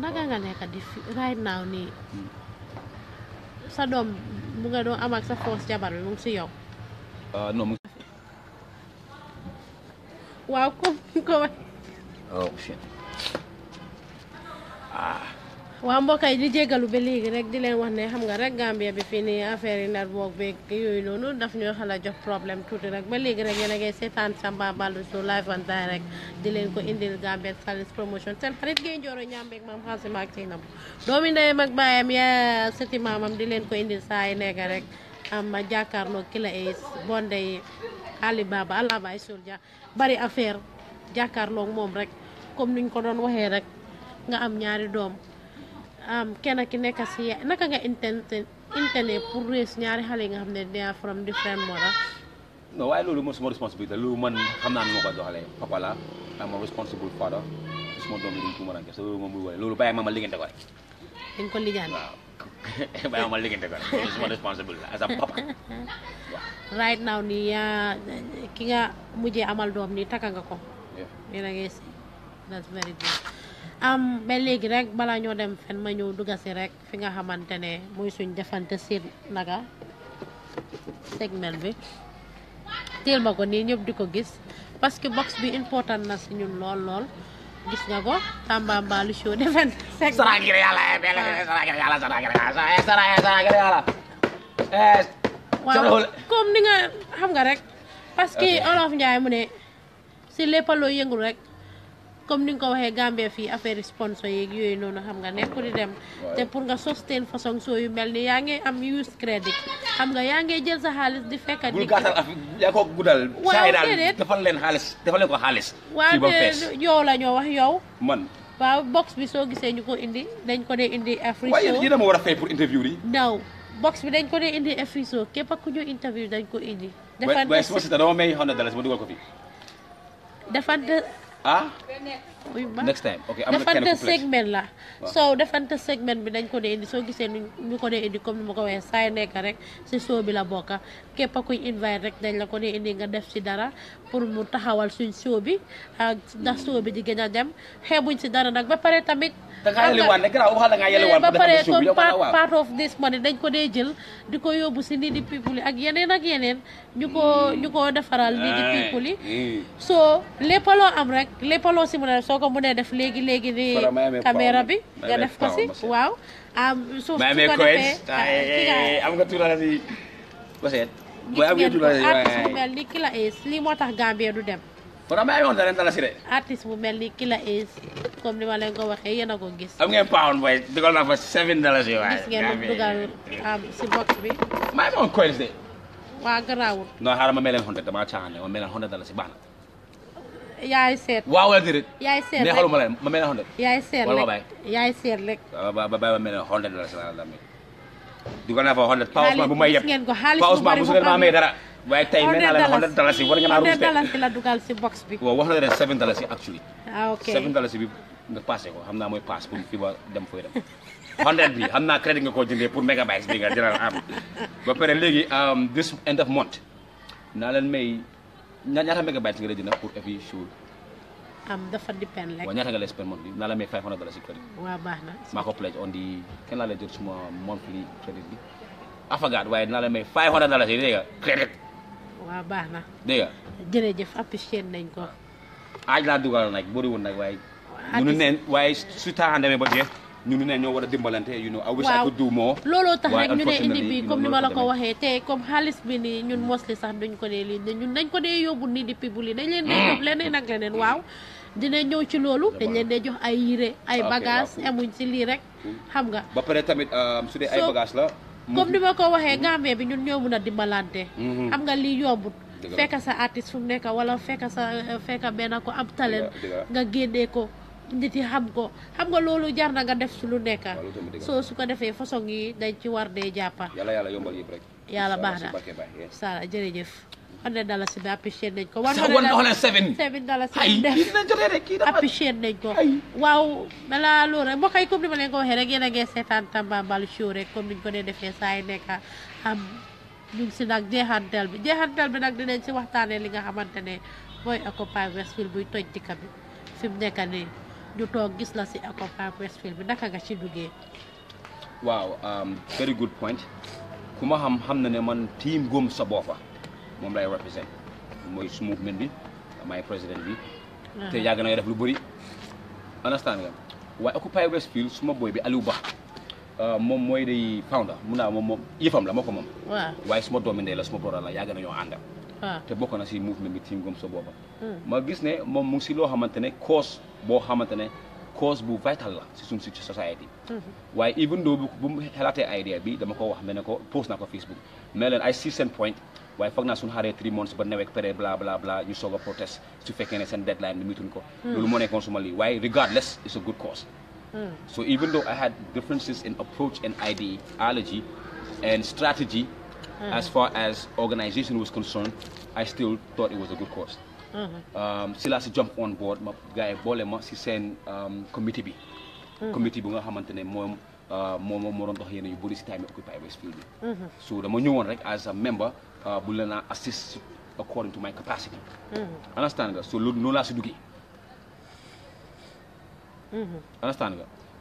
naka nga nek di right now ni hmm. sa dom bu nga do am ak sa force jabar bi mu ci yow Uh, no. Wow, go away. Oh, shit. Ah. waa mbokk yi di jégalu ba léegi rek di leen wax ne xam nga rek Gambia bi fii nii affaire yi ndar boog beeg yooyu noonu daf ñoo xala jox problème tuuti rek ba léegi rek yéen a ngi Samba Balde Show live and direct di leen ko indil gambia Talents promotion seen xarit ngay njooro ñaambeeg maam xaasi maag sey nam doomi ndeyam ak baayam ya sëti maamam di leen ko indil saa yi nekk rek ma amma jàkkaarloo kila e bonde Ali Baba Allah bay solja bari affaire jàkkaarloo moom rek comme nuñ ko doon waxee rek nga am ñaari doom am kenn ki nekk si naka nga intente intene pour rees ñaari xale yi nga xam ne they are from different mother non waaye loolu mooy suma responsabilité loolu man xam naa nu ma ko doxalee papa la am responsible father suma a gis loolu moom muy wone loolu bàyyi ma ma liggéeyante ko rek da nga ko lijaan waaw bàyyi ma liggéeyante ko rek as a papa right now nii yaa ki nga amal doom nii takka nga ko that's very good am um, ba léegi rek dem fen ma ñëw dugga si rek fi nga naga segment bi teel ma ko nii ñëpp di ko box bi important na si ñun lool gis nga ko Tamba Mbalu Show defen sek eh, eh, sara ngir yàlla sara ngir yàlla eh, sara ngir yàlla sara sara ngir yàlla waaw comme ni nga xam nga rek parce que Olof Njaay mu ne si lépp loo yëngul rek comme ni nga ko waxee Gambia fii affaire sponsor yooyu noonu xam nga nekku di dem te pour nga sustain façon soo yu mel ni yaa ngi am use credit xam nga yaa ngi jël sa xaalis di fekk nit ki yaa ko guddal waaw déedéet defal leen xaalis defal leen xaalis waaw déedéet yow ñoo wax yow man waaw box bi soo gisee ñu ko indi dañ ko dee indi Afrique waaye yéen a ma war a fay pour interview yi daw box bi dañ ko dee indi Afrique képp ku ñu interview dañ ko indi defante waaye su ma si dama may hundred ko fii defante 啊。uy baax next time okay. am na defante segment la so defante segment bi dañ ko dee indi soo gisee ñu ko dee indi comme ni ma ko waxee saay nekk rek si soo bi la bokka képp kuy invite rek dañ la ko dee indi nga def si dara pour mu taxawal suñ soo bi ak ndax soo bi di gën dem xeebuñ si dara nag ba pare tamit da nga yelewaan rek raw waxal da nga yelewaan ba pare comme part, part of this money dañ ko dee jël di ko yóbbu si di people yi ak yeneen ak yeneen ñu ko ñu ko defaral nit di people yi so lépp loo am rek lépp loo si mën soo ko mënee def léegi léegi ni caméra bi nga def ko si waaw am suuf su ko defee ah, ah, eh, eh, eh, am nga tuulasi baset boy am nga bu mel ni Killa Ace lii moo tax Gambie du dem pour amee amoon dara dara si de artiste bu mel ni Killa Ace comme ni ma leen ko waxee yéen ko gis am ngeen pound boy dugal naa fa seven dollars yi gis ngeen dugal am si box bi maa ngi amoon coins de waa garaawul non xaaral ma meleen hundred damaa ma meleen dollars si baax na yaay seet. waaw wala déedéet. yaay seet rek neexaluma leen ma mel ne xondet. yaay seet rek wala ma yaay seet rek. ba ba bàyyi ma mel ne xondet la la dugal naa fa xondet Pa bu may yeb Pa Ousmane bu su ngeen ma amee dara. waaye tey mel naa leen xondet dalasi war a ruus dalasi si box bi. waaw wax na leen seven dalasi actually. ah ok seven bi nga passé ko xam naa mooy pass pour fi ba dem fooy dem. hundred bi xam naa nga koo jëndee pour megabytes bi nga jëlal am ba pare léegi um, this end of month naa leen may ña ñaata mégabytes nga lay jënd pour every jour. am dafa dépend rek. waaw ñaata nga lay spend monthly naa la may 500 dollars si credit. waaw baax na. maa ko pledge on di kenn laa lay jël suma monthly credit bi. afagaat waaye dinaa la may 500 dollars yi dégg nga credit. waaw baax na. dégg nga. jërëjëf apprécié nañ ko. aaj laa dugal nag bëriwul nag waaye. munu neen waaye su taaxaan demee ba jeex. ñu ne ñoo war a dimbalante you know I wish I could looloo tax rek ñu ne indi bi comme ni ma la ko waxee te comme xaalis bi ni ñun mosli sax duñ ko dee lii ñun dañ ko dee yóbbu nii di pibul yi dañ leen dee yóbbu leneen ak leneen waaw dina ñëw ci loolu dañ leen dee jox ay yére ay ah, bagage amuñ ci lii rek xam nga ba pare tamit um, su ay bagage la comme ni ma ko waxee Gambie bi ñun ñëw mun a dimbalante mm-hmm. xam nga lii yombut fekk sa artiste fu mu nekk wala fekk sa fekk benn ko am talent nga génnee ko nit yi xam ko xam nga loolu jar na nga def si lu nekk soo su ko defee façon yi dañ ci war dee jàppa yàlla yàlla yombal yëpp rek yàlla baax na sala jërëjëf hundred dollars bi appreciate nañ ko one hundred seven seven dollars appreciate nañ ko waaw balaa loolu rek mbokk yi comme ni ma leen ko waxee rek yéen a ngi seetaan Tambambalu show rek comme niñ ko dee defee saa yi nekk am ñu ngi si nag jeexantel bi jeexanteel bi nag dinañ ci waxtaanee li nga xamante ne mooy Occupy Westfield buy toj dikka bi fi mu nii ñu gis la si Acopac Westfield bi naka nga ci duggee. waaw um, very good point ku ma xam xam na ne man team Gom sa boppa moom lay represent mooy su movement bi maay président bi. te uh-huh. yàgg na def lu bëri. understand nga waaye Acopac Westfield suma boy bi Aliou Ba uh, moom mooy day founder mun naa moom moom yëfam la moo ko moom. waaw waaye suma doomi ndey la suma brother la yàgg nañoo ànd. Ah. te bokk na si movement bi team gëm sa boppa hmm. ma gis ne moom mu si loo xamante ne cause boo xamante ne cause bu vital la si suñu si society hmm. waaye even though bu mu xelaatee idea bi dama ko wax me ko post naa ko Facebook mais leen ay six seen point waaye foog naa suñu three months ba nawet pare bla bla bla ñu soog a protest su fekkee ne seen deadline bi mituñ ko hmm. loolu moo nekkoon suma lii waaye regardless it's a good cause so even though I had differences in approach and ideology and strategy -hmm. As far as organization was concerned, I still thought it was a good course. cause. Mm-hmm. Um, si jump on board ma gars yi boole ma si seen um, committee bi. Mm-hmm. committee bi nga xamante ne moom uh, moom moo doon dox yéen yu bëri si time Occupy Westfield bi. Mm-hmm. so dama one, right? as a member uh, bu la naa assist according to my capacity. understand nga so loolu noonu laa si duggee. understand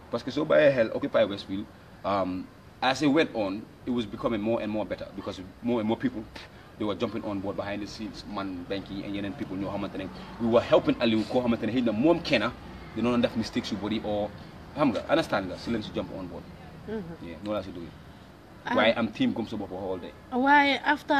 because so by soo bàyyee xel Occupy Westfield um, as it went on it was becoming more and more better because more and more people they were jumping on board behind the scenes man banking and then people knew xamante ne we were helping Aliou koo xamante the xëy na they don't def mistakes your body or Hamga, understand that si leen si jump on board. Mm-hmm. yeah no noonu laa si Why i am team comes up bopp all day. Why after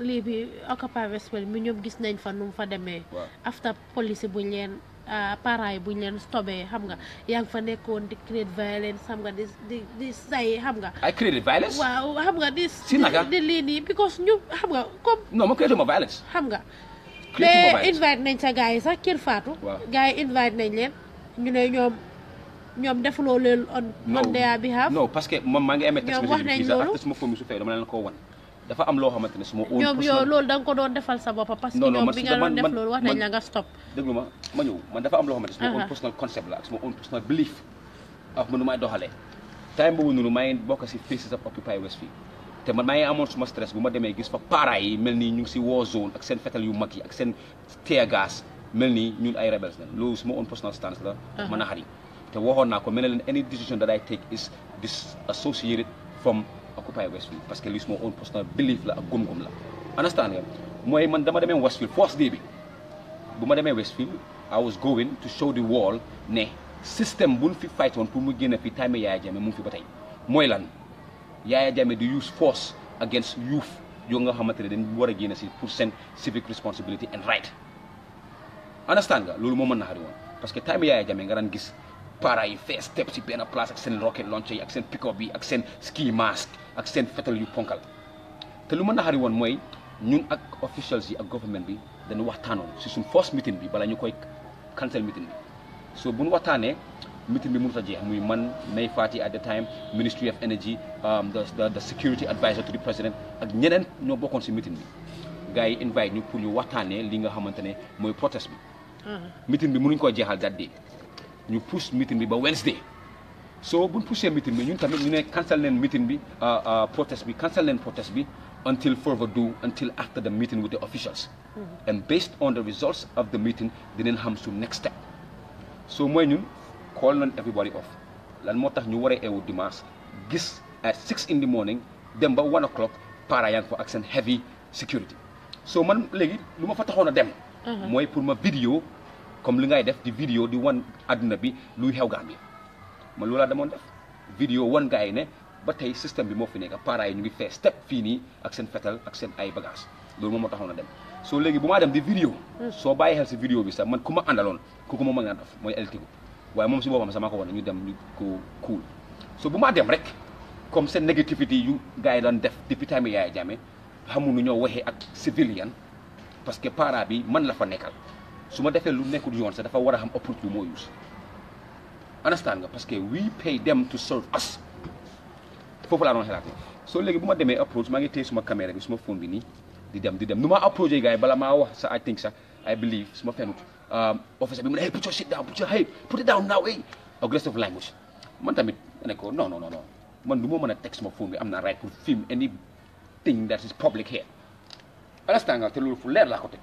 lii bi Occupy West Wing bi ñoom gis nine for nu for fa demee. after police buñ leen. Euh, parents yi buñ leen stobee xam nga yaa ngi fa nekkoon di create violence xam nga di di say xam nga. ay create violence. waaw xam nga di. si naka di lii nii because ñu xam nga comme. non ma create ma violence. xam nga. create ma invite nañ sa gaa yi sax Kër Fatou. waaw gars yi invite nañ leen ñu ne ñoom. ñoom defuloo leen on. on their behalf. non parce que moom maa ngi amee. ñoom ma su fekkee dama leen koo wan. dafa am loo xamante ne su loolu da nga def loolu wax nañ la nga stop. déglu ma ma ñëw man dafa am ma own personal concept la ak ma own personal belief ak nu may doxalee time boobu noonu maa ngi bokk si faces of Occupy Westfield te man maa ngi amoon suma stress bu ma demee gis fa paaraay yi mel nii ñu ngi si war zone ak seen fetal yu mag yi ak seen tear gas mel nii ñun ay rebels lañ loolu su ma own personal stance la mën a xar te waxoon naa ko mel ne leen any decision that I take is disassociated from occupy Westfield parce que lii suma own personal belief la ak gëm-gëm la understand nga mooy man dama demee Westfield first day bi bu ma demee Westfield I was going to show the world ne système buñ fi fight woon pour mu génn fi time Yaya Jammeh mu fi ba tey mooy lan Yaya Jammeh di use force against youth yoo nga xamante ne dañ war a génn si pour seen civic responsibility and right understand nga loolu moo mën naxari woon parce que time Yaya Jammeh nga daan gis para yi fees benn place seen rocket launcher yi ak seen pick-up yi ak seen ski mask ak seen fetal yu ponkal te lu ma naxari woon mooy ñun ak officials ak government bi dañu waxtaanoon si suñ first meeting bi bala ñu koy cancel meeting bi so bu ñu waxtaanee meeting bi mu a jeex muy man May Fatty at the time ministry of energy um, the the security adviser to the ak ñeneen ñoo bokkoon si meeting bi yi invite ñu pour ñu waxtaanee li nga xamante ne mooy protest bi. Mm-hmm. meeting bi mënuñ koo jeexal dat day ñu push meeting bi ba Wednesday. so bu push poussé meeting bi ñun tamit ñu ne cancel leen meeting bi ah, ah, protest bi cancel leen protest bi until further do, until after the meeting with the officials. Mm-hmm. and based on the results of the meeting dinañ xam su next step. so mooy ñun call nañ everybody off lan moo tax ñu war a dimanche gis at six in the morning dem ba one o'clock para yang for accent heavy security. so man léegi lu ma fa taxoon a dem. Uh-huh. mooy pour ma vidéo comme li ngay def di vidéo di wan àdduna bi luy xew Gambia. man loolaa demoon def vidéo wan gars yi ne ba tey système bi moo fi nekk parents yi ñu ngi fees step fii nii ak seen fetal ak seen ay bagage loolu moom moo taxoon a dem soo léegi bu maa dem di vidéo soo bàyyi xel si vidéo bi sax man ku ma àndaloon kooku moom ma ngi naan def mooy eltigu waaye moom si boppam sax maa ko wane ñu dem ñu ko kuul so bu maa dem rek comme seen négativité yu gars yi daan def depuis tamit Yaya Jammeh xamuñu ñoo waxee ak civilian parce que parent bi man la fa nekkal su ma defee lu nekkul yoon sax dafa war a xam opportunité moo use understand Because we pay them to serve us foofu laa doon xalaat soo léegi bu ma demee approach maa ngi téye suma caméra bi suma phone bini. nii di dem di dem nu ma approché gars yi bala maa wax I think sax I believe suma fenut um, officer bi mu ne hey put your shit down put your hey put it down now hey aggressive language man tamit ma ne ko non non non man du ma mën a phone bi am naa right pour film any thing that is public here understand nga te loolu fu leer laa ko teg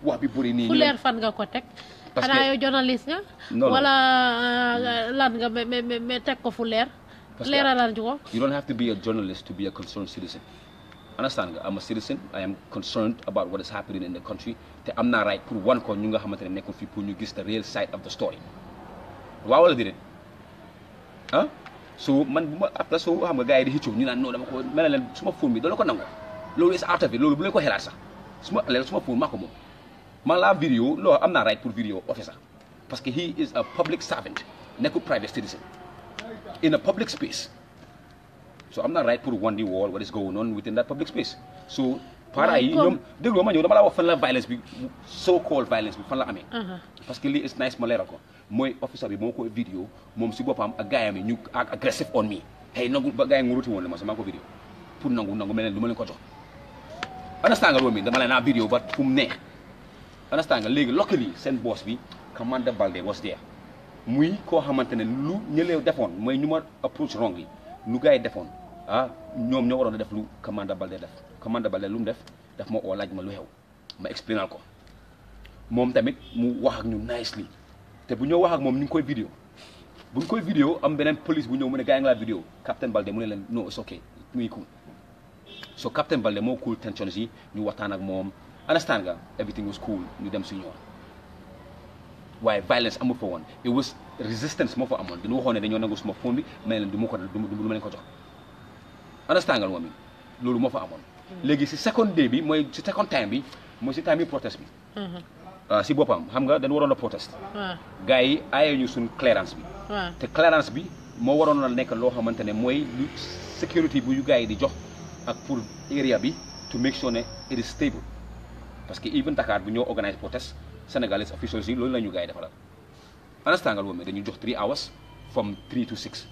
wax bi bëri nii. fan nga ko parce que journaliste nga. wala euh, lan nga mais mais mais ko fu leer. leeralal ñu ko. you don't have to be a journalist to be a concerned citizen. understand nga am a citizen I am concerned about what is happening in the country te am naa right pour wan ko ñu nga xamante ne nekkul pour ñu gis the real side of the story waaw wala déedéet ah so man bu ma après so xam nga gars yi di xëccoo ñu naan non dama ko mel na leen suma phone bi doo la ko nangu loolu is out of it loolu bu leen ko xelaat sax suma leen suma phone maa ko Mala video, no, I'm not right for video officer. Because he is a public servant, not a private citizen. In a public space. So I'm not right pour one the wall what is going on within that public space. So para yi ñoom dégloo ma ñëw dama laa wax fan la violence bi so called violence bi fan la amee uh-huh. parce que lii is nice ma leeral ko mooy officer bi moo vidéo mom si boppam ak gaayam yi ñu ak aggressive on me hey nangu ba gaay nguruti woon la ma sama ko vidéo pour nangu nangu mel ne lu ko jox understand nga loolu mi dama leen naa vidéo ba fu neex understand nga léegi locally seen boos bi Kamanda Balde was there muy koo xamante ne lu ñëleew defoon mooy ñu ma approach wrong yi lu gars yi defoon ah ñoom ñoo waroon a def lu Kamanda Balde def Kamanda Balde lu mu def daf ma oo laaj ma lu xew ma expliqué ko moom tamit mu wax ak ñu nicely te bu ñoo wax ak moom ñu ngi koy vidéo bu ñu koy vidéo am beneen police bu ñëw mu ne gars yi nga laa vidéo capitaine mu ne leen non it's okay muy cool so capitaine Balde moo cool tensions ñu waxtaan ak moom. understand nga everything was cool with them, senor. Why violence? I'm for one. it was resistance moo fa amoon dañu waxoon ne dañoo nangu suma phone bi mais leen du ma ko du ma leen ko jox understand nga moom loolu moo fa amoon mm-hmm. léegi si second day bi mooy si second time bi mooy si time bi protest bi mm-hmm. ah, si bopam xam nga dañu waroon a protest gars yi aaye ñu suñ clearance bi te clearance bi moo waroon a nekk loo xamante ne mooy lu sécurité bu yu gars yi di jox ak pour area bi to make sure ne it is stable parce que even Dakar bu ñoo organise protest Senegalese officials yi loolu la ñu gars yi defalal understand nga loolu mais dañu jox 3 hours from 3 to 6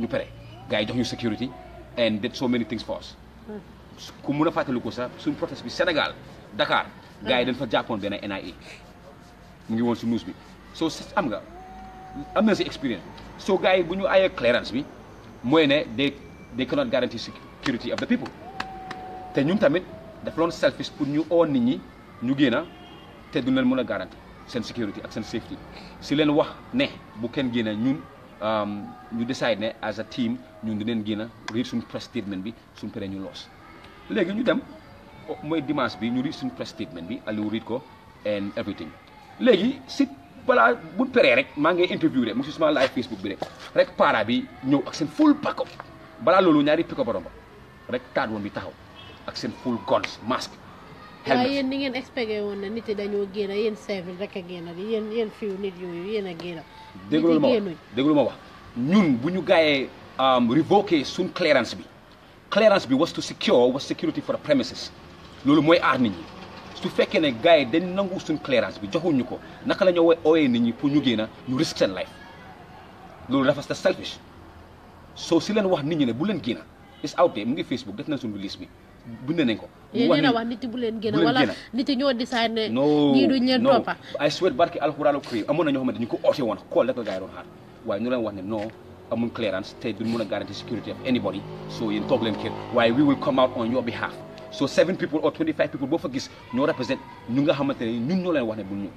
ñu pare gars yi jox ñu security and did so many things for us ku mun a ko sax suñ protest bi senegal Dakar gars yi dañ fa jàppoon benn NIA mu ngi woon si news bi so si am nga am na si expérience soo gars yi bu ñu ayee clearance bi mooy ne they they cannot guarantee security of the people te ñun tamit daf loon selfish pour ñu oo nit ñi ñu génn te du leen mën a garanti seen sécurité ak seen safety si leen wax ne bu kenn génn ñun ñu décide ne as a team ñun dinañ génn read suñu press statement bi suñ peree ñu loos léegi ñu dem mooy dimanche bi ñu read suñu press statement bi Aliou read ko and everything léegi si balaa bu peree rek maa ngi interview rek mu si suma live Facebook bi rek rek para bi ñëw ak seen full pack up balaa loolu ñaari pick up romba rek taat bi taxaw ak seen full guns masque. helmet waaye yéen ni ngeen expecté woon na nit yi dañoo génn yéen service rek a génn yéen yéen fiw nit yooyu yéen a génn. déglu ma wax déglu ma wax ñun bu ñu gaayee um, révoqué suñ clearance bi. clearance bi was to secure was security for the premises loolu mooy aar nit ñi su fekkee ne gars yi dañ nangu suñ clearance bi joxuñu ko naka la ñu ooyee nit ñi pour ñu génn ñu risk seen life loolu dafa sa selfish soo si leen wax nit ñi ne bu leen génn is out there mu ngi Facebook def nañ suñ release bi. bind nañ ko. mu wax ni génn wala nit ñoo décidé ne. ñii duñ leen toppa non sweat barki alxuraanu kër yi amoon na ñoo ñu ko oote woon ko gars yi doon xaar waaye leen wax ne non amuñ clearance te duñ mën a garantie sécurité of anybody so yéen toog leen kër we will come out on your behalf so seven people or 25 people boo fa gis ñoo represent ñu nga xamante ñun ñoo leen wax ne buñ ñu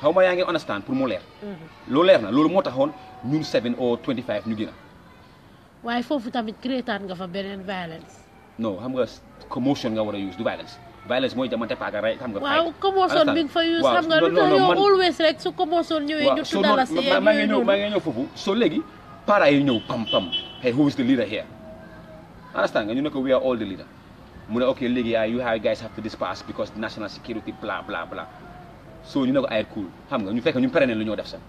xaw ma yaa ngi understand pour mu leer. loolu mhm. leer na loolu a. no xam nga commotion nga war a use du violence violence mooy jamante paaka rey xam nga. waaw commotion bi nga fa use xam nga lu tax yow always rek su commotion ñëwee ñu tuddala si yeeg maa ngi ñëw maa yi ñu ne ko we are all the leader mu ne ok léegi yaay you guys have to disperse because national security bla bla bla so ñu ne ko cool xam nga ñu fekk ñu pare ne lu ñoo def sax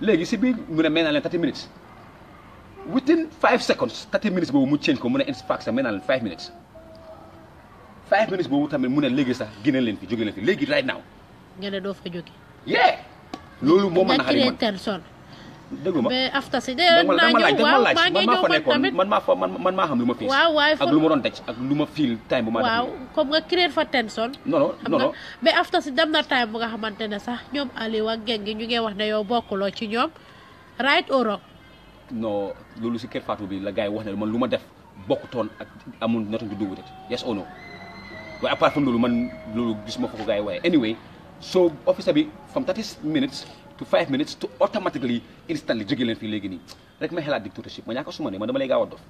léegi si biir mu ne may naa leen 30 minutes within five seconds 30 minutes boobu mu change ko mu ne in fact sax may naa leen five minutes five minutes boobu tamit mu ne léegi sax génne leen fi jóge leen fi léegi right now. nga ne doo fa jóge. yee. loolu moo mën a xarit man déglu ma mais after si de naa ñëw waaw maa ngi ñëw man tamit man maa fa man maa not lu ma fees. waaw waay ak lu ma doon daj ak lu ma feel time bu ma. waaw comme nga créer fa tension. non non non non mais after si dem na time bu nga xamante ne sax ñoom Aliou ak Gengi ñu ngi wax ne yow bokkuloo ci ñoom right or wrong non loolu si kër Fatou bi la gars yi wax ne man lu ma def bokkutoon ak amul nothing to do with it yes o no waaye apart from loolu man loolu gis ma ko gars yi waaye anyway so officer bi from 30 minutes to 5 minutes to automatically instantly jóge leen fii léegi nii rek ma xelaat dictatorship ma ñaaka suma ne man dama lay gaaw a dof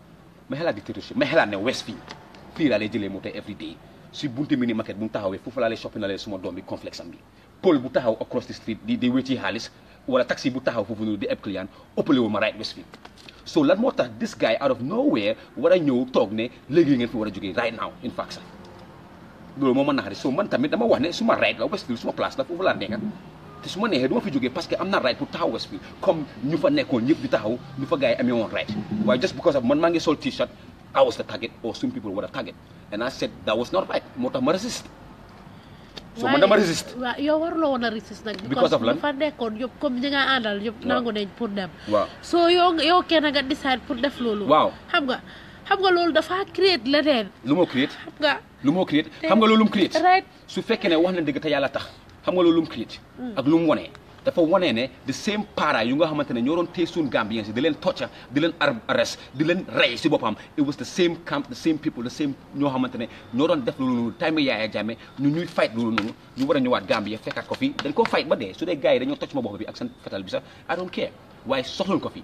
ma xelaat dictatorship ma xelaat ne west fii fii laa lay jëlee moo tey every day si bunte mini market bu mu foofu laa lay na lay suma doom bi complexe am bi pôle bu taxaw across wala taxi bu taxaw foofu noonu di eb client ëppalewul ma right west so lan moo tax this guy out of nowhere war a ñëw toog ne léegi ngeen fi war a right now in fact sax loolu moo ma naxari so man tamit dama wax ne suma right la Westfield suma place la foofu laa nekka te su ma neexee du ma fi jógee parce que am not right pour taxaw Westfield comme ñu fa nekkoon ñëpp di taxaw ñu fa i yi amee woon right Why just because of man maa ngi sol t-shirt I was the target or some people were the target and I said that was not right moo tax ma resist so man dama résiste waaw yow waruloo woon a résiste nag because of lan fa nekkoon yëpp comme ñi nga àndal yëpp nangu nañ pour dem waaw soo yow yow kenn nga decide pour def loolu waaw xam nga xam nga loolu dafa créer leneen lu moo créer xam nga lu moo créer xam nga loolu mu créer su fekkee ne wax na dëgg te yàlla tax xam nga loolu mu créer mm. ak lu mu wonee dafa wane ne the same para yu nga xamante ne ñoo doon téye suñu Gambien si di leen tocca di leen arrest di leen rey si boppam it was the same camp the same people the same ñoo xamante ne ñoo doon def loolu noonu time Yaya Jammeh ñu ñuy fight loolu noonu ñu war a ñëwaat Gambie fekkaat ko fi dañ koo fight ba dee su dee gars yi dañoo tocc ma bopp bi ak seen fetal bi sax I don't care Why soxluñ ko fi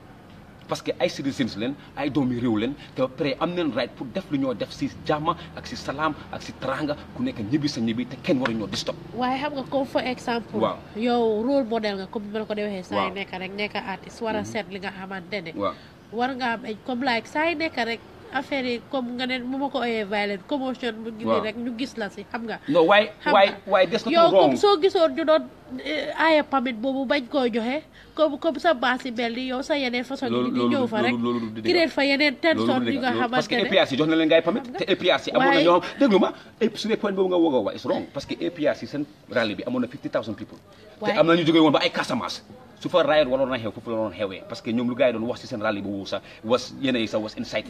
parce que ay citizens len ay domi rew len te ba am nañ right pour def lu ñoo def ci jàmm ak ci salam ak ci tranga ku nekk ñibi sa ñibi te kenn waru ñoo disturb waye xam nga ko for exemple waaw yow rôle modèle nga comme ma ko dewe sa saa nekk rek nekk artiste war a mhm. li nga xamantene war nga am comme like saa nekk rek affaire yi comme nga ne bu ma ko oyee violent commotion mu gis la si xam nga non waay waay soo gisoon ñu doon eh, aaye pamit boobu bañ koo joxe comme comme sa baasi mel ni yow sa yeneen façon yi ñu ñëw fa rek créer fa yeneen tension yi nga xamante parce que APRC jox na leen ngay pamit te APRC amoon na ñu jógee woon ba ay Casamance su fa rayon waroon na xew foofu la doon xewee parce que ñoom lu gars yi doon wax si seen rally bu wuu sax was yéen yi sax was insight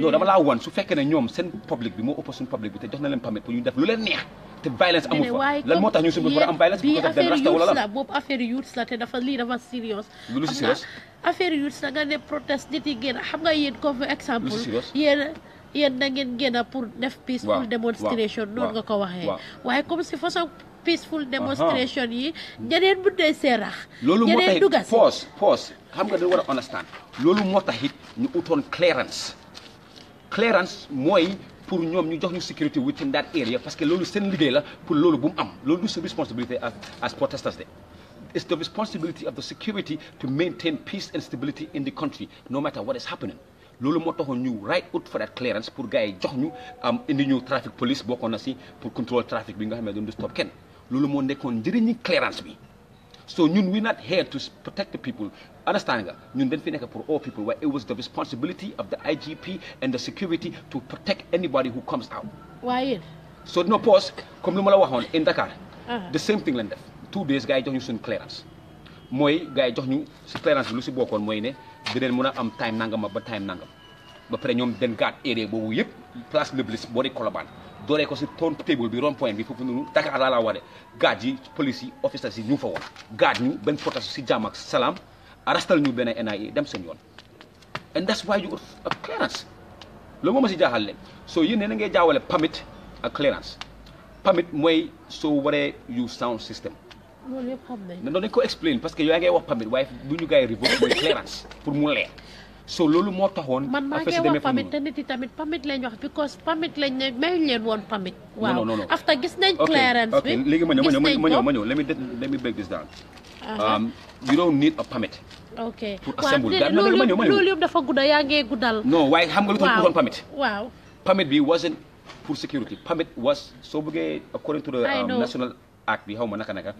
non dama laa wan su fekkee ne ñoom seen public bi moo ëpp suñu public bi te jox na leen permit pour ñu def lu leen neex te violence amul fa lan moo tax ñu suñu war a am violence bi affaire youths la boobu affaire youths la te dafa lii dafa serious lu si serious affaire youths la nga ne protest nit yi génn xam nga yéen comme exemple yéen yéen na ngeen génn pour def peace pour démonstration noonu nga ko waxee waaye comme si façon peaceful demonstration yi ñeneen bu dee seerax ñeneen duga si nga dañu war a loolu moo tax it ñu utoon la pour loolu bu mu am loolu du sa responsibility as as protesters de it's the responsibility of the security to maintain peace and stability in the country no matter what is happening loolu moo taxoon ñu right out for that clearance pour gars yi jox ñu am indi ñu trafic police bokkoon na si pour contrôle trafic bi nga xam ne doon du stop kenn loolu moo nekkoon njëriñi clearance bi so ñun we not here to protect the people understand nga ñun dañ fi nekk pour all people Where it was the responsibility of the IGP and the security to protect anybody who comes out. waaye. so no pause comme lu ma la waxoon in Dakar. Ah. the same thing lañ def two days gars yi jox ñu suñu clearance mooy gars yi jox ñu si clearance bi lu si bokkoon mooy ne dinañ mën a am time nangam ba time nangam ba pare ñoom den gaat area boobu yëpp place de l'Obélisque boo di Colobane. dooree ko si toon table bi rond point bi foofu noonu Dakar laa la ware gaaj yi police yi officers yi ñu fa woon gaaj ñu benn potas si jàmm ak salaam arastal ñu benn NIA dem seen yoon and that's why you got a clearance loolu moo ma si jaaxal leen soo yéen ne na ngay jaawale permit ak clearance permit mooy soo waree yu sound system loolu yëpp xam nañ ko explain parce que yaa ngay wax permit waaye bu ñu gars yi revoke mooy clearance pour mu leer so loolu moo taxoon. man maa ngi wax pamit te nit yi tamit pamit lañ wax because pamit lañ ne mayuñ woon pamit. waaw after gis nañ clearance bi gis léegi ma ñëw ma ñëw ma ñëw let me let me break this down. Uh-huh. Um, you don't need a permit. ok pour assemble daal loolu yëpp loolu yëpp dafa gudda yaa ngee guddal. non waaye xam nga lu tax ñu permit. waaw permit bi wasn't pour sécurité permit was soo bëggee according to the um, national act bi xaw ma naka naka.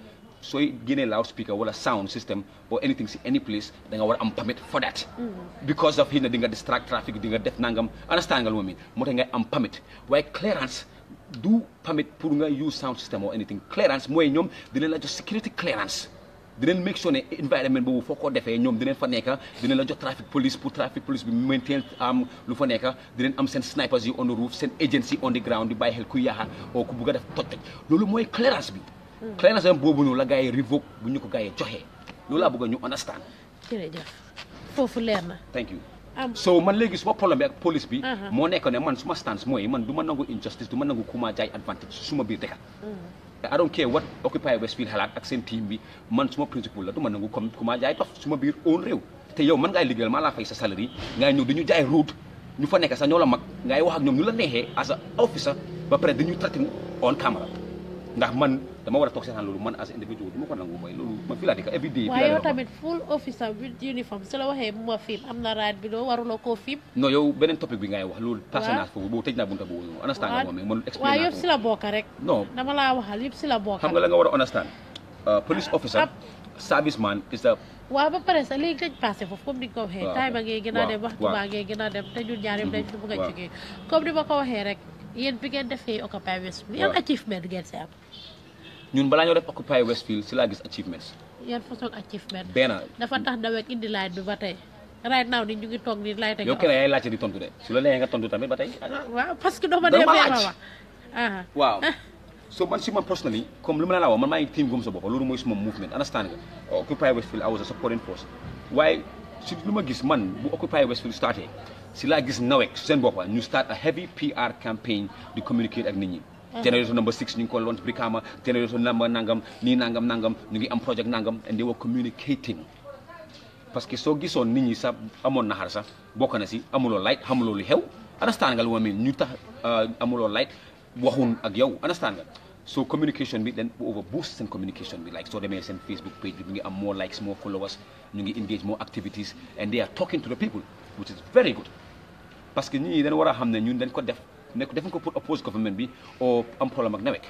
So sooy a loudspeaker a sound system or anything see any place Then I will am permit for that. Mm. because of xëy na di get distract traffic di death def nangam understand I lu ma miin am permit Why clearance Do permit pour nga use sound system or anything clearance mooy ñoom dinañ la jox security clearance. dinañ make sure ne environment boobu foo ko defee ñoom dinañ fa nekk dinañ la jox traffic police pour traffic police bi maintain am um, lu fa nekk dinañ am seen snipers yi on the roof send agency on the ground di bàyyi xel ku yaaxa oo ku bugg a def toj clearance bi. clearance mm. boobu noonu la gars yi révoque bu ñu ko gars yi loolu laa bëgg a ñu understand. jërëjëf foofu leer na. thank you so man léegi suma problème bi ak police bi. Uh-huh. moo nekk ne man suma stance mooy man du ma nangu injustice du ma nangu kuma jaay advantage suma biir dëkk. Mm. I don't care what Occupy Westfield xalaat ak seen team bi man suma principal la du ma nangu comme kuma jaay dof suma biir own réew. te yow man ngay liggéeyal maa laa fay sa salary ngay ñëw dañu jaay route ñu fa nekk sax la mag ngay wax ak ñoom ñu la neexee as a officer ba pare dañuy traité on camera ndax dama war a toog seetaan loolu man waaye tamit full officer with uniform su la waxee mu ma fiim am na raad bi doo waruloo koo fiim non yow beneen topic bi ngay wax loolu personnage foofu boobu tëj naa bunta boobu noonu man expliqué waaw si la bokk rek non dama laa waxal yëpp si la bokk xam nga a euh, ah, ah. foofu comme ni nga ko waxee time ba ngay gën dem waxtu baa ngay gën a dem te ñun ñaar yëpp mhm. dañ fi bëgg a jógee ni ma ko waxee rek yéen bi ngeen defee occupy west bi yan achievement ngeen si ñun balaa ñoo def occupy Westfield si laa gis achievements. yan ni ñu ngi toog ni laaj. yow keneen yaay laajte di de su waaw parce que doo ma ah. comme lu ma la wax man bopp loolu mooy suma ma gis man bu occupy Westfield starté si laa gis nawek seen bopp ñu start a heavy PR campaign di communiquer ak nit ñi. Mm-hmm. generation number six ñu ngi ko launch Brikama generation number nangam ni nangam nangam ñu ngi am project nangam and they were communicating parce que soo gisoon nit ñi sax amoon naxar sax bokk na si amuloo light xamuloo lu xew understand nga lu ma ñu tax uh, amuloo light waxun ak yow understand nga so communication bi then over boost seen communication bi like soo demee seen Facebook page bi ngi am more likes more followers ñu ngi engage more activities and they are talking to the people which is very good parce que ñi dañ wara a xam ne ñun dañ ko def nekk def ko pour oppose government bi oo am problème ak nawek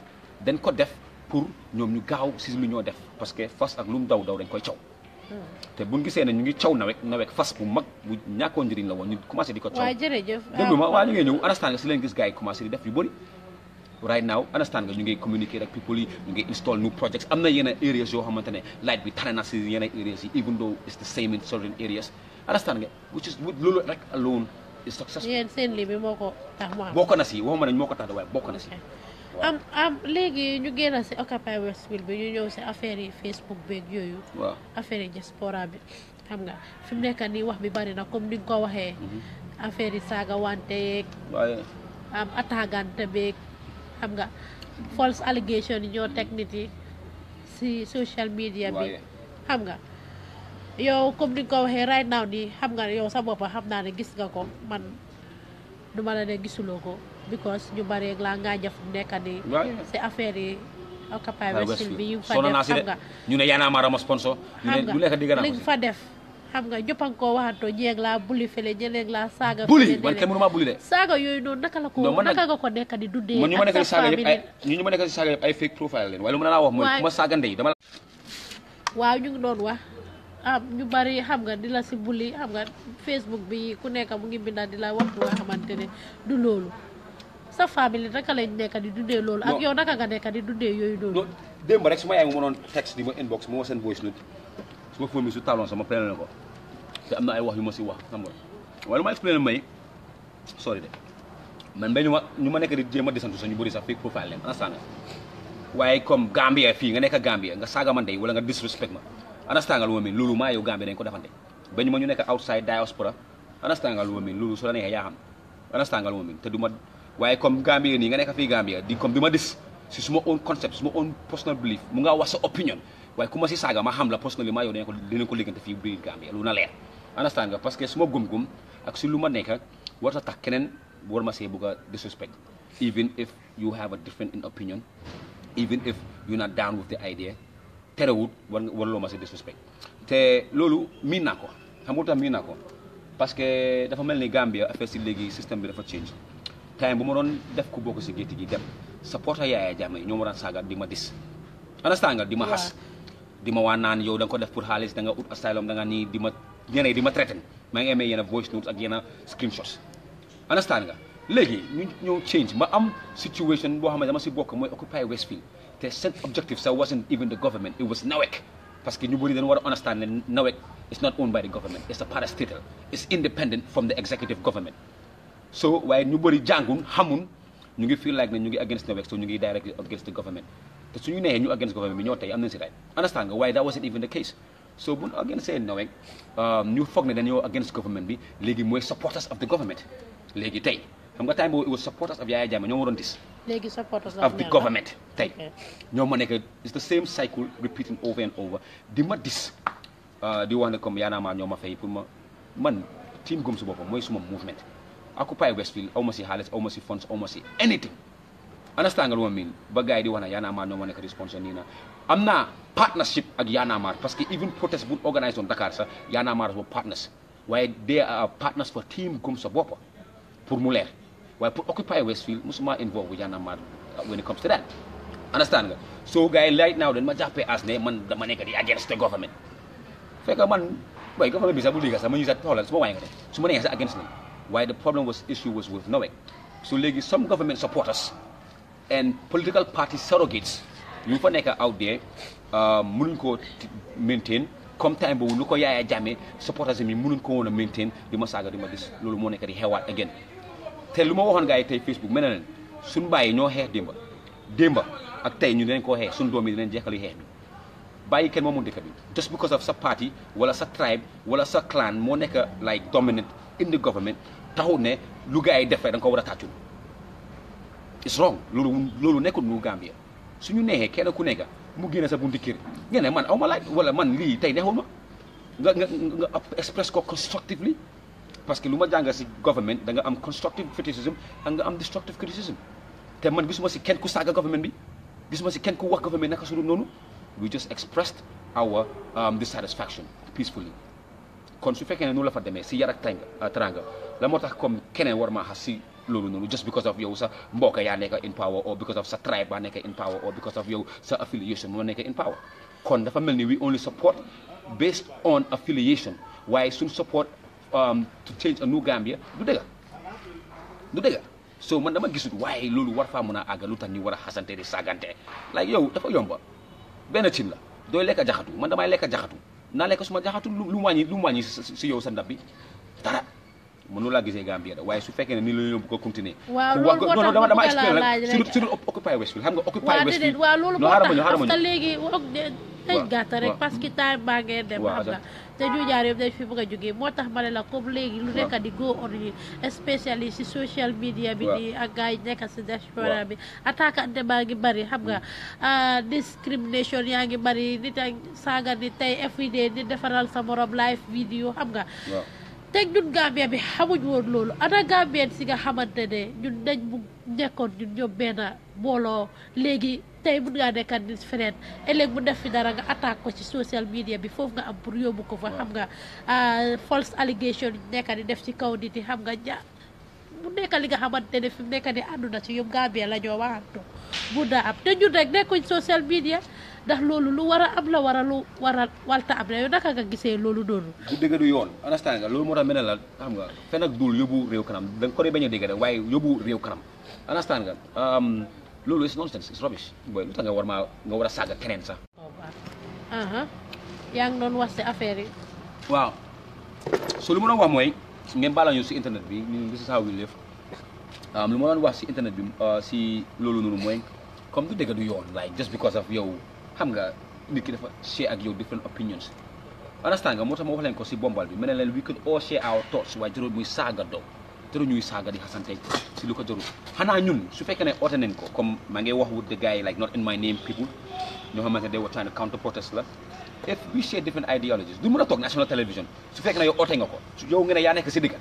dañ ko def pour ñoom ñu gaaw si lu ñoo def parce que fas ak lu mu daw daw dañ koy caw. te bu gisee ne ñu ngi caw nawek nawek fas bu mag bu ñàkkoo njëriñ ñu commencé di ko caw. Ah, waaw jërëjëf déglu ma waaw ñu ngi ñëw understand nga si leen gis gars yi commencé di def yu bëri. right now understand nga ñu ngi communiquer ak people yi ñu ngi install new projects am na yenn areas yoo xamante ne light bi tane na si yenn areas yi even though it's is successful. yéen seen lii bi moo ko tax mu am. bokk na si waxuma nañ moo ko tax de waaye bokk na si. am am léegi ñu génn si Occupy Westfield bi ñu ñëw si affaire Facebook beeg you you affair just diaspora bi I'm fi mu nekk nii wax bi bari na comme ni nga ko waxee. Mm-hmm. affaire yi saaga wante yeeg. am um, attaagante false allegation in your teg see social media I'm nga. yow comme ni nga ko waxee right now nii xam nga yow sa boppa xam naa ne gis nga ko man du ma la ne gisuloo ko because ñu bari ak laa ngaa jëf nekk nii si affaire yi Occupy Wall Street bi yu fa def xam nga ñu ne a marre ma sponsor ñu ne lu nekk digg naa ko fa def xam nga ñëpp a koo waxantoo jéeg laa buli fële jéeg laa saaga. buli man kenn mënu maa buli yooyu noonu naka la ko. non man nag naka ko nekk di dundee. man ñu ma nekk si saaga yëpp ay ñu ma leen waaye lu ma wax mooy ku saaga ndey waaw ñu ngi doon wax. am ah, ñu bari xam nga di la si bulli xam nga facebook bi ku nekk mu ngi binda di la wax lu nga xamante ne du loolu sa famille naka lañ nekk di dundee loolu ak yow naka nga nekk di dundee yooyu noonu démb rek su ma yaay ma text di ma inbox ma seen voice note su ma fóomi su talon sama plein ko te am na ay wax yu ma si wax xam nga wala ma explain may sorry de man ba ñu ma ñu ma nekk di jéem a desantu sax ñu bëri sax fake profile leen instant waaye comme Gambia fii nga nekk Gambia nga saaga man day wala nga disrespect ma understand nga lu Lulu miin loolu maa yow Gambie dañ ko defante ma ñu outside diaspora understand nga lu Lulu miin loolu su la neexee yaa xam understand nga lu te duma. ma comme Gambie nii nga nekk fii Gambie di comme dis si suma own concept suma own personal belief mu nga wax sa opinion waaye kuma ma si saaga ma xam la personally mayo yow dañ ko dinañ ko liggante fii biir Gambie lu na leer understand nga parce que suma gum-gum ak si lu ma nekk warta tax war ma disrespect even if you have a different in opinion even if you're not down with the idea terewut wut ma lo ma suspect disrespect té lolu min nako xam nga tax miin naa parce que dafa melni Gambia affaire ci légui système bi dafa change time bu ma don def ko bokk ci gétti gi dem supporter yaaya jamay ñoo mo ran saaga di ma dis understand nga di ma xas di ma waa yow da ko def pour xaalis da nga out asylum da nga ni di ma ñeneen di ma ngi aimé yenn voice notes ak yenn screenshots understand nga légui ñu ñëw change ma am situation bo xamné dama ci bokk moy occupy Westfield their set objective so it wasn't even the government, it was NAWEC. Because que ñu bëri dañu war understand that NAWEC is not owned by the government, it's a parastatal, it's independent from the executive government. So why nobody jàngun hamun, you feel like ne ñu ngi against NAWEC so you're directly against the government That's te you're ñu against government You're tey right understand why that wasn't even the case so buñ against NAWEC um, ñu foog you're against government be, léegi mooy supporters of the government léegi tey xam nga time boobu it was supporters of Yaya Jammeh ñoo waroon dis. léegi supporters of the government tey. ñoo ma nekk it's the same cycle repeating over and over di ma dis di uh, wax ne comme yaanaa maa ñoo ma fay pour ma man team gëm su boppam mooy suma movement. Occupy Westfield aw ma si xaalis aw ma si funds aw ma si anything. understand nga lu ma miin ba gars yi di wax ne yaanaa maa ñoo ma nekk responsable nii na am naa partnership ak yaanaamaar parce que even protest buñ organisé woon Dakar sax yaanaamaar was partners waaye they are partners for team gëm sa bopp pour mu leer. Why put occupy Westfield musuma involve wu Y'en a Marre uh, when it comes to that understand so gars right now dañ ma jàppee as ne man dama nekk di against the government fekk man why government bi sax bu liggéey sax ma ñu that xoolal su ma wàññi ko de su ma against them Why the problem was issue was with knowing. so léegi some government supporters and political party surrogates yu fa nekk out there Uh, koo maintain Come time boobu look at Yaya Jammeh supporters yi mënuñ ko woon a maintain di ma saaga di ma dis loolu moo nekk again te lu ma waxoon gars yi tey Facebook mel na leen suñu bàyyi ñoo xeex démba démba ak tey ñu dinañ koo xeex suñu doom yi dinañ jeexal yu xeex bi bàyyi kenn moo mu dëkk bi just because of sa party wala sa tribe wala sa clan moo nekk like dominant in the government taxul ne lu gars yi defee da nga ko war a tàccul it's wrong loolu loolu mu lu Gambia suñu neexee kenn ku nekk mu génne sa bunti kër nga ne man aw ma laaj wala man lii tey neexul ma nga nga nga express ko parce que lu ma jàngal si government da am constructive criticism ak nga am destructive criticism te man gisuma si kenn ku saaga government bi gisuma si kenn ku wax government naka su dul noonu we just expressed our um, dissatisfaction peacefully kon su fekkee ne noonu la fa demee si yar ak euh, teraanga la moo tax comme keneen war maa xas si just because of your sa mbokk yaa in power or because of sa tribe baa nekk in power or because of your sa affiliation moo nekk in power kon dafa mel we only support based on affiliation Why suñ support Um, to change a new Gambia du dëgg du dëgg so man dama gisut waaye loolu war faa mën a àgg lu tax ñu war a xasante di saagante like yow dafa yomba benn tim la dooy lekk jaxatu man damay lekk jaxatu naa lekk suma jaxatu lu wàññi lu wàññi si yow sa ndab bi dara man loolu laa gisee Gambia waaye su fekkee ne nii la ñu bëgg a continuer. waaw loolu moo tax non dama dama expliqué loolu moo tax parce que léegi. waaw waaw waaw tey rek parce que temps dem. xam nga te juujaar jaar dañ fi bëgg a jógee moo tax ma ne la comme léegi lu nekk di go on yi spécialiste si social media bi di ak gars yi nekk si diaspora bi attaquante baa ngi bari xam nga mm. euh, discrimination yaa ngi bari nit ak saaga ni tey everyday ni defaral sa morom live vidéo xam nga teg ñun Gambia bi xamuñ woon loolu ana Gambien si nga xamante ne ñun dañ mu nekkoon ñun ñoom benn bolo legi tay mun nga nekkaat nit feneen ëllëg mu def fi dara nga attaque ko ci social media bi foofu nga am pour yóbbu ko fa xam nga ah, false allegation nekka di def ci kaw nit yi xam nga ja mu nekka li nga xamante ne fi mu nekka ne àdduna ci Gambia la ñoo waxantu bu da am te ñun rek nekkuñ social media ndax loolu lu war a am la war a lu war a walta am la yow naka nga gisee loolu noonu du dëgg du yoon understand nga loolu moo tax mel la xam nga fen ak dul yóbbu réew kanam danga ko dee bañ a dégg rek waaye yóbbu réew kanam understand nga lulu is nonsense is rubbish Boy, lu tanya warma war saga kenen sa. Aha, yang non wasi aferi. Wow. doon wax si affaire yi. waaw so lu si internet bi this is how we live um, lu mo doon si internet bi si uh, lulu noonu mooy comme du dëgg du yon, like just because of you? xam nga nit share ak yow different opinions understand nga moo tax ma wax ko si bombal bi ma we could all share our thoughts waaye juróom muy saaga te ñuy saaga di xasante si lu jarul xanaa ñun su fekkee ne oote nañ ko comme maa wax with the guy like not in my name people ñoo xamante ne were trying to la if we share different ideologies du mën a toog national television su fekkee ne oote nga ko yow nga ne yaa nekk si digga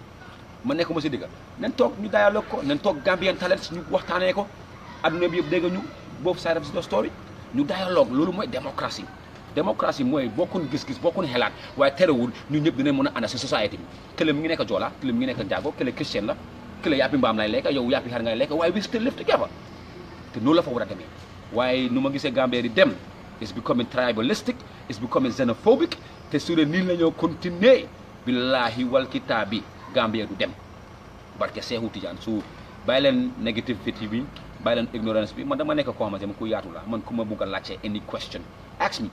ma nekkuma si digga nañ toog ñu dialogue ko nañ toog Gambian Talents ñu waxtaanee ko adduna bi yëpp dégg ñu boobu side of the story ñu dialogue démocratie mooy bokkuñ gis-gis bokkuñ xelaat waaye terewul ñun ñëpp dinañ mën a ànd si société bi kële mu ngi nekk Joola kële mu ngi nekk Njaago kële Christian la kële yàppi mbaam lay lekk yow yàppi xar ngay lekk waaye we still live together te noonu la fa war a demee waaye nu ma gisee Gambie di dem is becoming tribalistic is becoming xenophobic te su dee nii la ñoo continuer billaahi wal kitaabi Gambie du dem barke Seexu Tijaan su bàyyi leen négativité bi bàyyi leen ignorance bi man dama nek ko xamanteni ku yaatu la man kuma bugal bugg any question ask me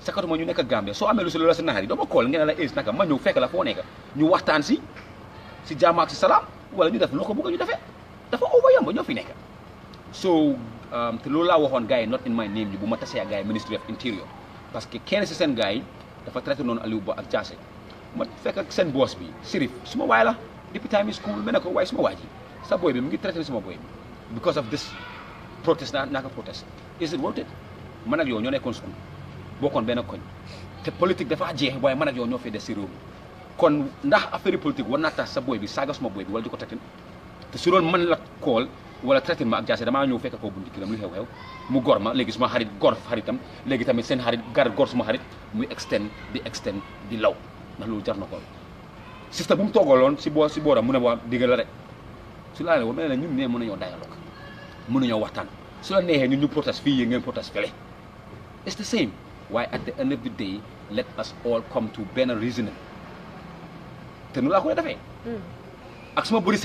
sakatuma ñu nek Gambia so amelu lu si sa nahari naxari dama kol ngeena la is naka ma ñëw fekk la fo nek ñu waxtaan si si jàmm ak si salaam wala ñu def loo ko bugg ñu defee dafa over oh, yomb ñoo fi nekk so um, te loolu laa waxoon gars not in my name bi buma tassé gaay ministry of interior parce que kene ci sen gaay dafa traité non Aliou Ba ak Thiassé ma fekk ak sen boss bi Sirif suma way la depuis time school ma ne ko waaye suma waji sa boy bi mu ngi traité suma boy bi because of this protest naa naa ko protest is it worth it man ak yow ñoo nekkoon suñu bokkoon benn koñ te politique dafa jeex waaye man ak yow ñoo fee des si réew kon ndax affaire politique war naa tax sa boy bi saaga suma boy bi wala di ko traité te su doon mën la kool wala traité ma ak jaase damaa ñëw fekk bu bunti këram lu xew-xew mu gor ma léegi suma xarit gor xaritam léegi tamit seen xarit gar gor suma xarit muy extend di extend di law ndax loolu jar na ko système bu mu toogaloon si boo si booram mu ne dialogue protest protest it's the same Why, at the end of the day let us all come to better reasoning te nu ko defee hmm. ak su ma bëri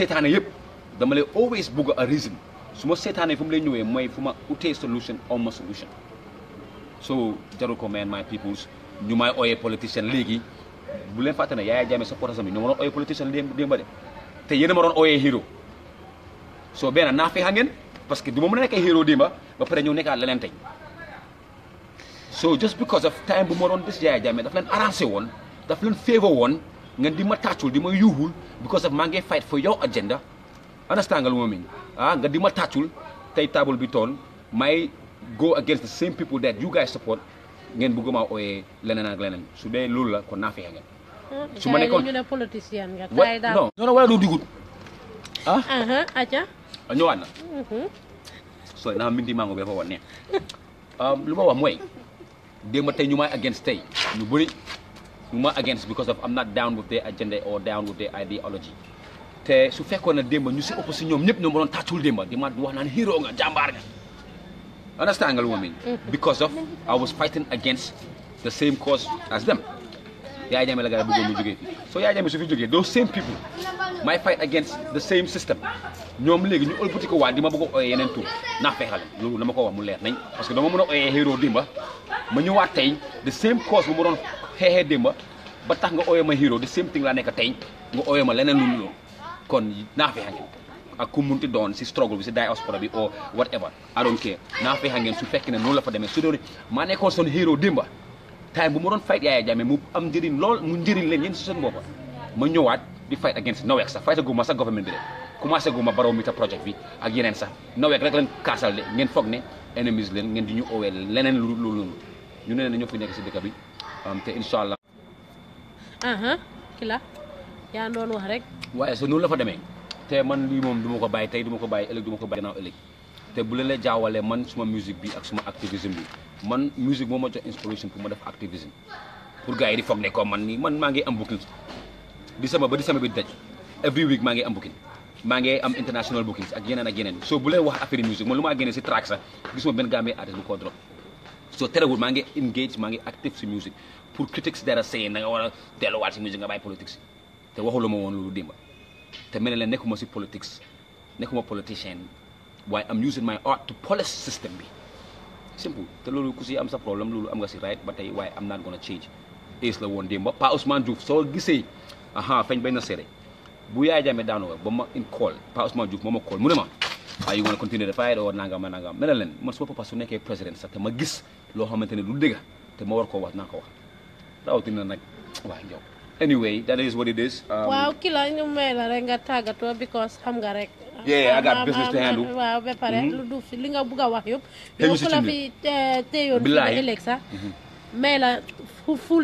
dama always bugg a reason su ma seetaanee fu mu lay ñëwee solution aw ma solution so jarul ko my peoples ñu may ooyee politicien léegi bu leen fàtte ne Yaya Jammeh sa potasam yi ñoo ma doon ooyee politicien démb de te a ma hero so bena nafi hangen parce que duma mëna nek hero dimba ba pare ñu nek leneen tay so just because of time bu mo don dis jaay jame daf len arranger won daf len favor won ngeen di ma tàccul di ma yuhul, because of mangay fight for your agenda understand nga lu ah nga di ma tàccul table bi ton may go against the same people that you guys support ngeen bëgg oyé lenen ak lenen su dé lool la kon naa fexe ngeen hmm, su ma ñu ne politiciens nga tay da non non wala doo digut ah aha acha a ñëwaat na sooy dafa minti mango bee fa woon lu ma wax mooy démb tey ñu may against tey ñu bëri ñu may against because of I'm not down with their agenda or down with their ideology te su fekkoon na démb ñu si ëpp ñoom ñëpp ñoo ma doon tàccul démba di ma wax naan hero nga jàmbaar nga understand nga lu ma mean eh. mm-hmm. because of I was fighting against the same cause as them Yaya Jammeh la gars yi bëggoon mu jógee fii soo Yaya Jammeh su fi jógee those same people may fight against the same system ñoom léegi ñu ëlbati ko waa di ma bëgg a ooyee yeneen tur naa feexal loolu ko wax mu leer nañ parce que dama mën a ooyee héros Demba ma ñëwaat tey the same cause bu doon xeexee Demba ba tax nga ooyee ma héros the same thing laa nekk tey nga ooyee ma leneen lu ñu loolu kon naa feexal ngeen ak doon si struggle bi si diaspora bi or whatever I don't care naa feexal su fekkee ne noonu la fa demee su doon maa nekkoon son héros Demba time bu ma doon fight Yaya Jammeh mu am njëriñ lool mu njëriñ leen yéen si seen boppa ma ñëwaat di fight against Nawek sax fight gu ma sax government bi rek commencé gu ma Barrow Mita project bi ak yeneen sax Nawek rek lañ kaasal de ngeen foog ne enemies leen ngeen di ñu owee leneen lu loolu ñu ne leen ñu fi nekk si dëkk bi te incha allah. ki la yaa doon wax rek. waaye so noonu la fa demee te man yi moom du ma ko bàyyi tey duma ko bàyyi ëllëg du ma ko bàyyi gannaaw ëllëg. te bu leen la music man suma musique bi ak suma activisme bi man musique moo jox inspiration pour ma def activisme pour gars yi di foog ko man nii man maa ngi am booking décembre ba décembre bi daj every week maa ngi am booking maa ngi am international bookings ak yeneen ak yeneen so bu leen wax affaire musique man lu maa génnee track sax gis ma benn Gambie artiste bu ko drop so terewul maa ngi engage maa ngi active si musique pour critics si dara seen na nga war a delluwaat si musique nga bàyyi politique te waxuloo ma woon loolu te mel la nekkuma politicien why i am using my art to polish system B. simple te loolu ku si am sa problème i am nga si right ba why i am not gonna change ace la woon démb Pa Ousmane Diouf soo gisee aha fañ bañ na seere bu yaay jaame daanoo ba in call Pa Ousmane Diouf moo call mu ne ma waaye yu ma continuer the fight or nangam nangam mel na leen man suma papa président sax te ma gis loo xamante ne du dëgg te ma war koo wax naa ko wax anyway that is what it is um, waaw kii la ñu may la rek because xam nga rek yeah I got business to handle waaw ba pare mm-hmm. lu du li nga bugg a wax yëpp yow ku la fi téyoon ëllëg sax may la full